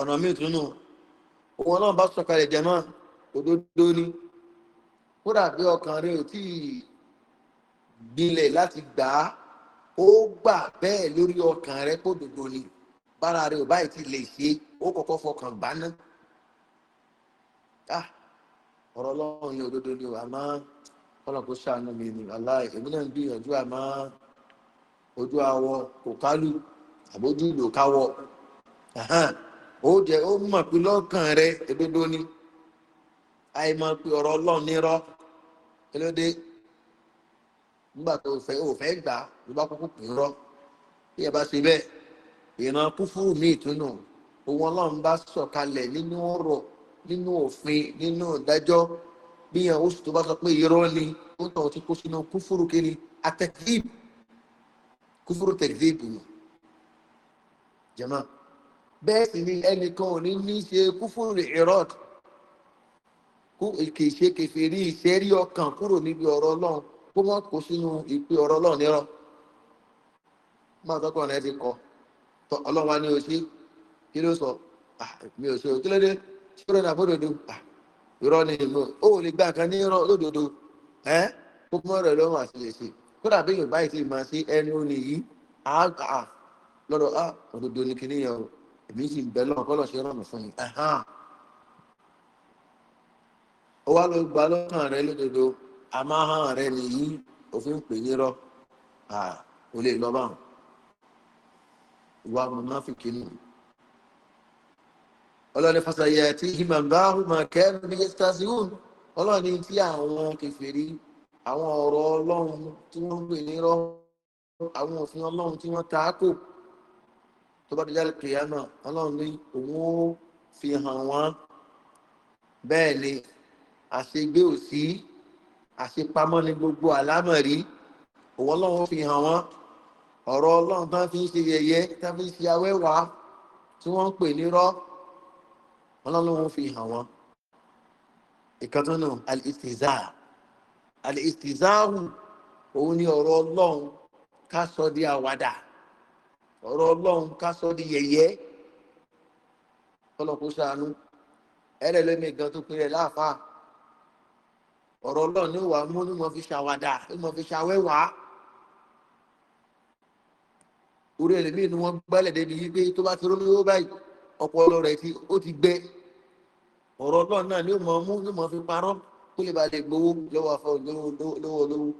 ọ̀nà míì tún nù òun ọlọ́run bá sọ̀kalẹ̀ jẹmọ́ òdodo ni kódà bí ọkàn rẹ ò tí ì gbilẹ̀ láti gbà á ó gbà bẹ́ẹ̀ lórí ọkàn rẹ kó dodo ni bára rẹ ò báyìí ti lè ṣe ó kọ́kọ́ fọkàn gbá ná ah, ọ̀rọ̀ ọlọ́run ni òdodo ni àmọ́ ọlọ́run kò ṣàánú mi ni aláì èmi náà ń gbìyànjú àmọ́ ojú awọ kò kálù àbójú ìlò káwọ. ó jẹ́ ó mọ̀ pé re rẹ edodo ni àìmọ̀ pé ọ̀rọ̀ ọlọ́run nírọ́ elóde nígbà tó fẹ́ ò fẹ́ gbà ló bá kúkú pè rọ́ bí ẹ bá ṣe bẹ́ẹ̀ ìran kúfúrú míì tún òun ọlọ́run bá sọ̀kalẹ̀ nínú ọ̀rọ̀ nínú òfin nínú ìdájọ́ bí yẹn oṣù tó bá sọ pé ni ó tọ̀ ti kó sínú kúfúrú kiri kúfúrú jẹ́mọ́. bẹ́ẹ̀ sì ni ẹnìkan ò ní ní ṣe kúfúrú irọ́d kú kìíṣe kẹfìrí ìṣẹ́rí ọkàn kúrò níbi ọ̀rọ̀ ọlọ́run kó wọ́n kó sínú ìpè ọ̀rọ̀ ọlọ́run nírọ̀ máa tọ́kọ̀ rẹ̀ ti kọ ọlọ́run wa ni o ṣe kí ló sọ mi ò ṣe o kí ló dé ṣúrẹ́ náà fódodo irọ́ ni mo ò lè gbà kan ní irọ́ lódodo ẹ́ kó mọ́ rẹ̀ lọ́wọ́ àti lè ṣe kódà bí yorùbá yìí ti máa ṣe ẹnu nìyí lọ́dọ̀ òdodo ni kìnìyàn èmi sì ń bẹ lọ́wọ́ kọ́ lọ́ọ́ ṣe rọrùn fún yín ó wá ló gba lọ́kàn rẹ lódodo àmọ́ hàn rẹ nìyí òfin pè ní rọ kò lè lọ́ báwọn ìwà mọ̀náfíkì nù ọlọ́ni fasayẹ tí himambahu makẹ́ ní stasiun ọlọ́ni tí àwọn kẹfìrí àwọn ọ̀rọ̀ ọlọ́run tí wọ́n gbé nírọ́ àwọn òfin ọlọ́run tí wọ́n ta á kò tó bá dúdú àlùkìyàmà ọlọ́run ní òun ó fi hàn wọ́n bẹ́ẹ̀ ni àṣegbé ò sí àṣepamọ́ ni gbogbo àlámọ̀ rí òun ọlọ́run fi hàn wọ́n ọ̀rọ̀ ọlọ́run tán fi ń ṣe yẹyẹ tán fi ń ṣe awẹ́wà tí wọ́n ń pè nírọ́ ọlọ́run fi hàn wọ́n ìkànnì alìsìzá alìsìzá òun ni ọ̀rọ̀ ọlọ́run ká sọ di àwàdà ọ̀rọ̀ ọlọ́run ká sọ di yẹ̀yẹ́ ọlọ́kùn sànú ẹ̀rẹ̀ lómi gan tó péré láàfáà ọ̀rọ̀ ọlọ́run ní wàá mú ní mo fi ṣàwàdà ní mo fi ṣàwẹ́wàá orí ẹlẹ́mí ni wọ́n gbálẹ̀ débi wípé tó bá ti rómi ó báyìí ọpọlọ rẹ̀ ti ó ti gbẹ ọ̀rọ̀ ọlọ́run náà ní mo mú ní mo fi parọ́ kó lè ba lè gbowó lọ́wọ́ afọ lọ́wọ́ lọ́wọ́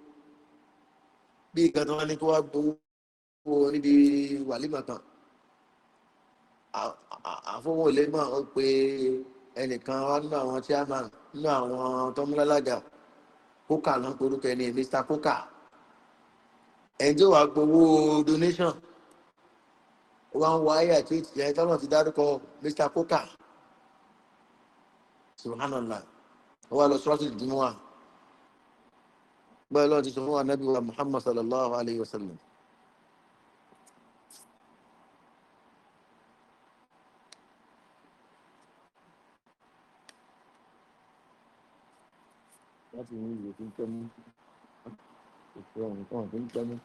bí ìgbà tó wá ní kó wá gbowó fún níbi wàlímà kan àfọwọ́ ilé mọ̀ ọ́n pé ẹnìkan wá nínú àwọn chairman nínú àwọn tọ́múlálága kókà ló ń porúkọ ẹni mr kókà ẹ̀jẹ̀ wàá gbowó donation wọ́n ń wá ayé àti ìtìyẹ́ tọ́lọ̀ ti dárúkọ mr kókà subhanallah wọ́n wá lọ sọ́ọ́sì dùnmọ́ wa bẹ́ẹ̀ lọ́ọ̀ ti sọ fún wa nabi wa muhammad sallallahu alayhi wa sallam. láti ní ìwé tó ń tẹ́ mú ìfẹ́ ọ̀hún kan tó ń tẹ́ mú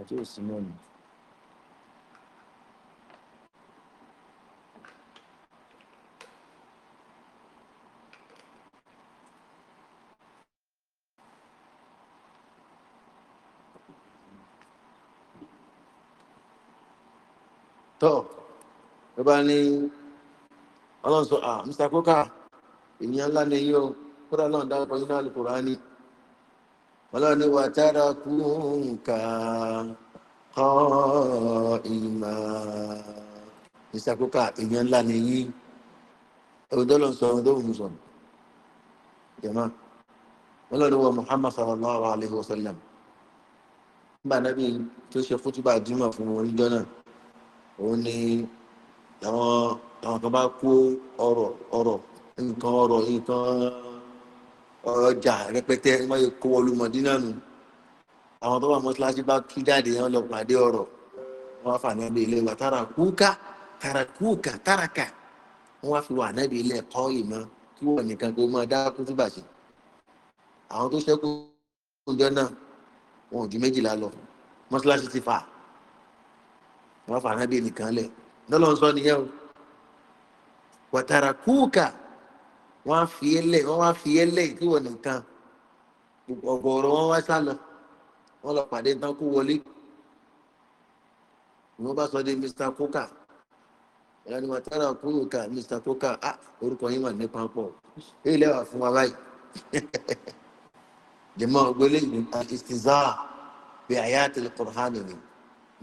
àti òsì náà nì. Tọ́. bá ní ọlọ́run sọ mr coker ènìyàn ńlá ni yíyọ kódà náà dáhùn pọ̀ nínú àlùkò rání ọlọ́run ni wà á tára kú kọ́ ìmọ̀ mr ènìyàn ńlá ni yí wa sallam nígbà náà bí tó ṣe fútúbà àwọn àwọn kan bá kó ọrọ ọrọ nǹkan ọrọ nǹkan ọjà rẹpẹtẹ wọ́n yẹ kó wọlú mọ̀dínà nù àwọn tó wà mọ́ṣáláṣí bá tú jáde wọn lọ pàdé wọn fà nábì ilé wa tára kúkà tára kúkà wọn wá wà nábì ilé kí nìkan kó máa dá lọ́lọ́ sọ nìyẹn o wàtàrà kúùkà wọ́n á fi é lẹ̀ wọ́n á fi é lẹ̀ ìdíwọ̀n nìkan ọ̀gọ̀ọ̀rọ̀ wọn wá sálọ wọ́n lọ pàdé tán kó wọlé wọ́n bá sọ de mr kúùkà ìyá ni wàtàrà kúùkà mr kúùkà ah orúkọ yín wà nípa pọ̀ èyí lẹ́wà fún wa báyìí jẹ́mọ́ ọgbẹ́lẹ́ ìlú àti ìsìnzá bí àyà àti ìlú kọ̀ọ̀hánì ni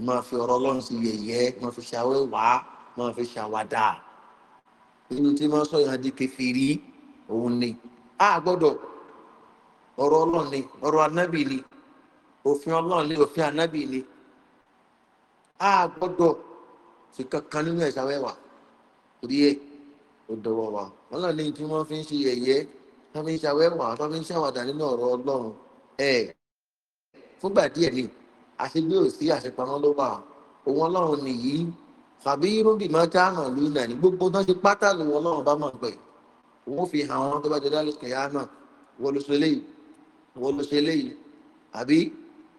máa fi ọ̀rọ̀ ọlọ́run sí yẹ̀yẹ́ máa fi ṣàwẹ́wà máa fi ṣàwàdà inú tí máa sọ ìhàn kẹfìrí òun ni a gbọ́dọ̀ ọ̀rọ̀ ọlọ́run ni ọ̀rọ̀ anábì ni òfin ọlọ́run ni òfin anábì ni a gbọ́dọ̀ fi kankan nínú ẹ̀ ṣàwẹ́wà torí ẹ̀ ó dọwọ́ wa ọlọ́run ní tí wọ́n fi ń ṣe yẹ̀yẹ́ wọ́n fi ń ṣàwẹ́wà wọ́n fi ń ṣàwàdà nínú ọ̀rọ̀ ọlọ́run ẹ̀ fúngbà díẹ̀ ni àti bí ò sí àṣepamọ́ ló wà òun ọlọ́run nìyí tàbí irúgbìn máa já hàn lóyún náà ní gbogbo tó ń ṣe pátá lòun ọlọ́run bá mọ̀ pé òun fi hàn wọn tó bá jọdá lóṣù kẹyà náà wọ́n ló ṣe léyìí wọ́n ló ṣe léyìí àbí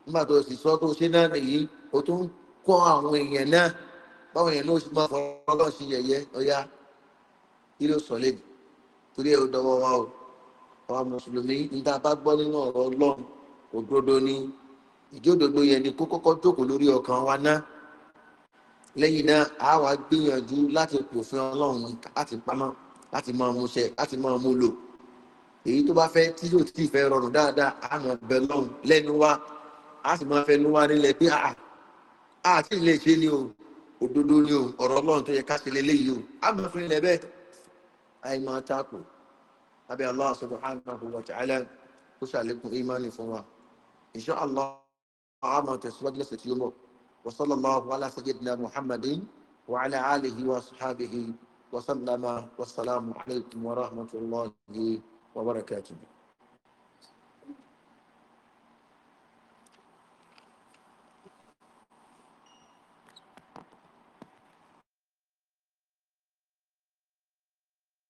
nígbà tó sì sọ tó ṣe náà nìyí o tún kọ́ àwọn èèyàn náà báwọn èèyàn náà ṣe máa fọ ọlọ́run sí yẹyẹ ọ̀yá kí ló sọ lébi torí ẹ̀ ó dọwọ́ wa o àwọn mùsùlùmí ní ìjódodo yẹn ni kó kọ́kọ́ jókòó lórí ọkàn wa ná lẹ́yìn náà a wá gbìyànjú láti pòfin ọlọ́run láti pamọ́ láti máa mú ṣe láti máa mú lò èyí tó bá fẹ́ tí yóò tí fẹ́ rọrùn dáadáa a máa bẹ lọ́run lẹ́nu wa a sì máa fẹnu wa nílẹ̀ pé a àti lè ṣe ni o òdodo ni o ọ̀rọ̀ ọlọ́run tó yẹ ká ṣe lélẹ́yìí o a máa fi ilẹ̀ bẹ́ẹ̀ àì máa takò abẹ́ aláàṣọ tó hàn náà kò wọ̀ ṣàlẹ́ kó ṣàlékún ìmánì fún wa ìṣọ́ aláà. عامة مجلس يومه وصلى الله على سيدنا محمد وعلى آله وأصحابه وسلم والسلام عليكم ورحمة الله وبركاته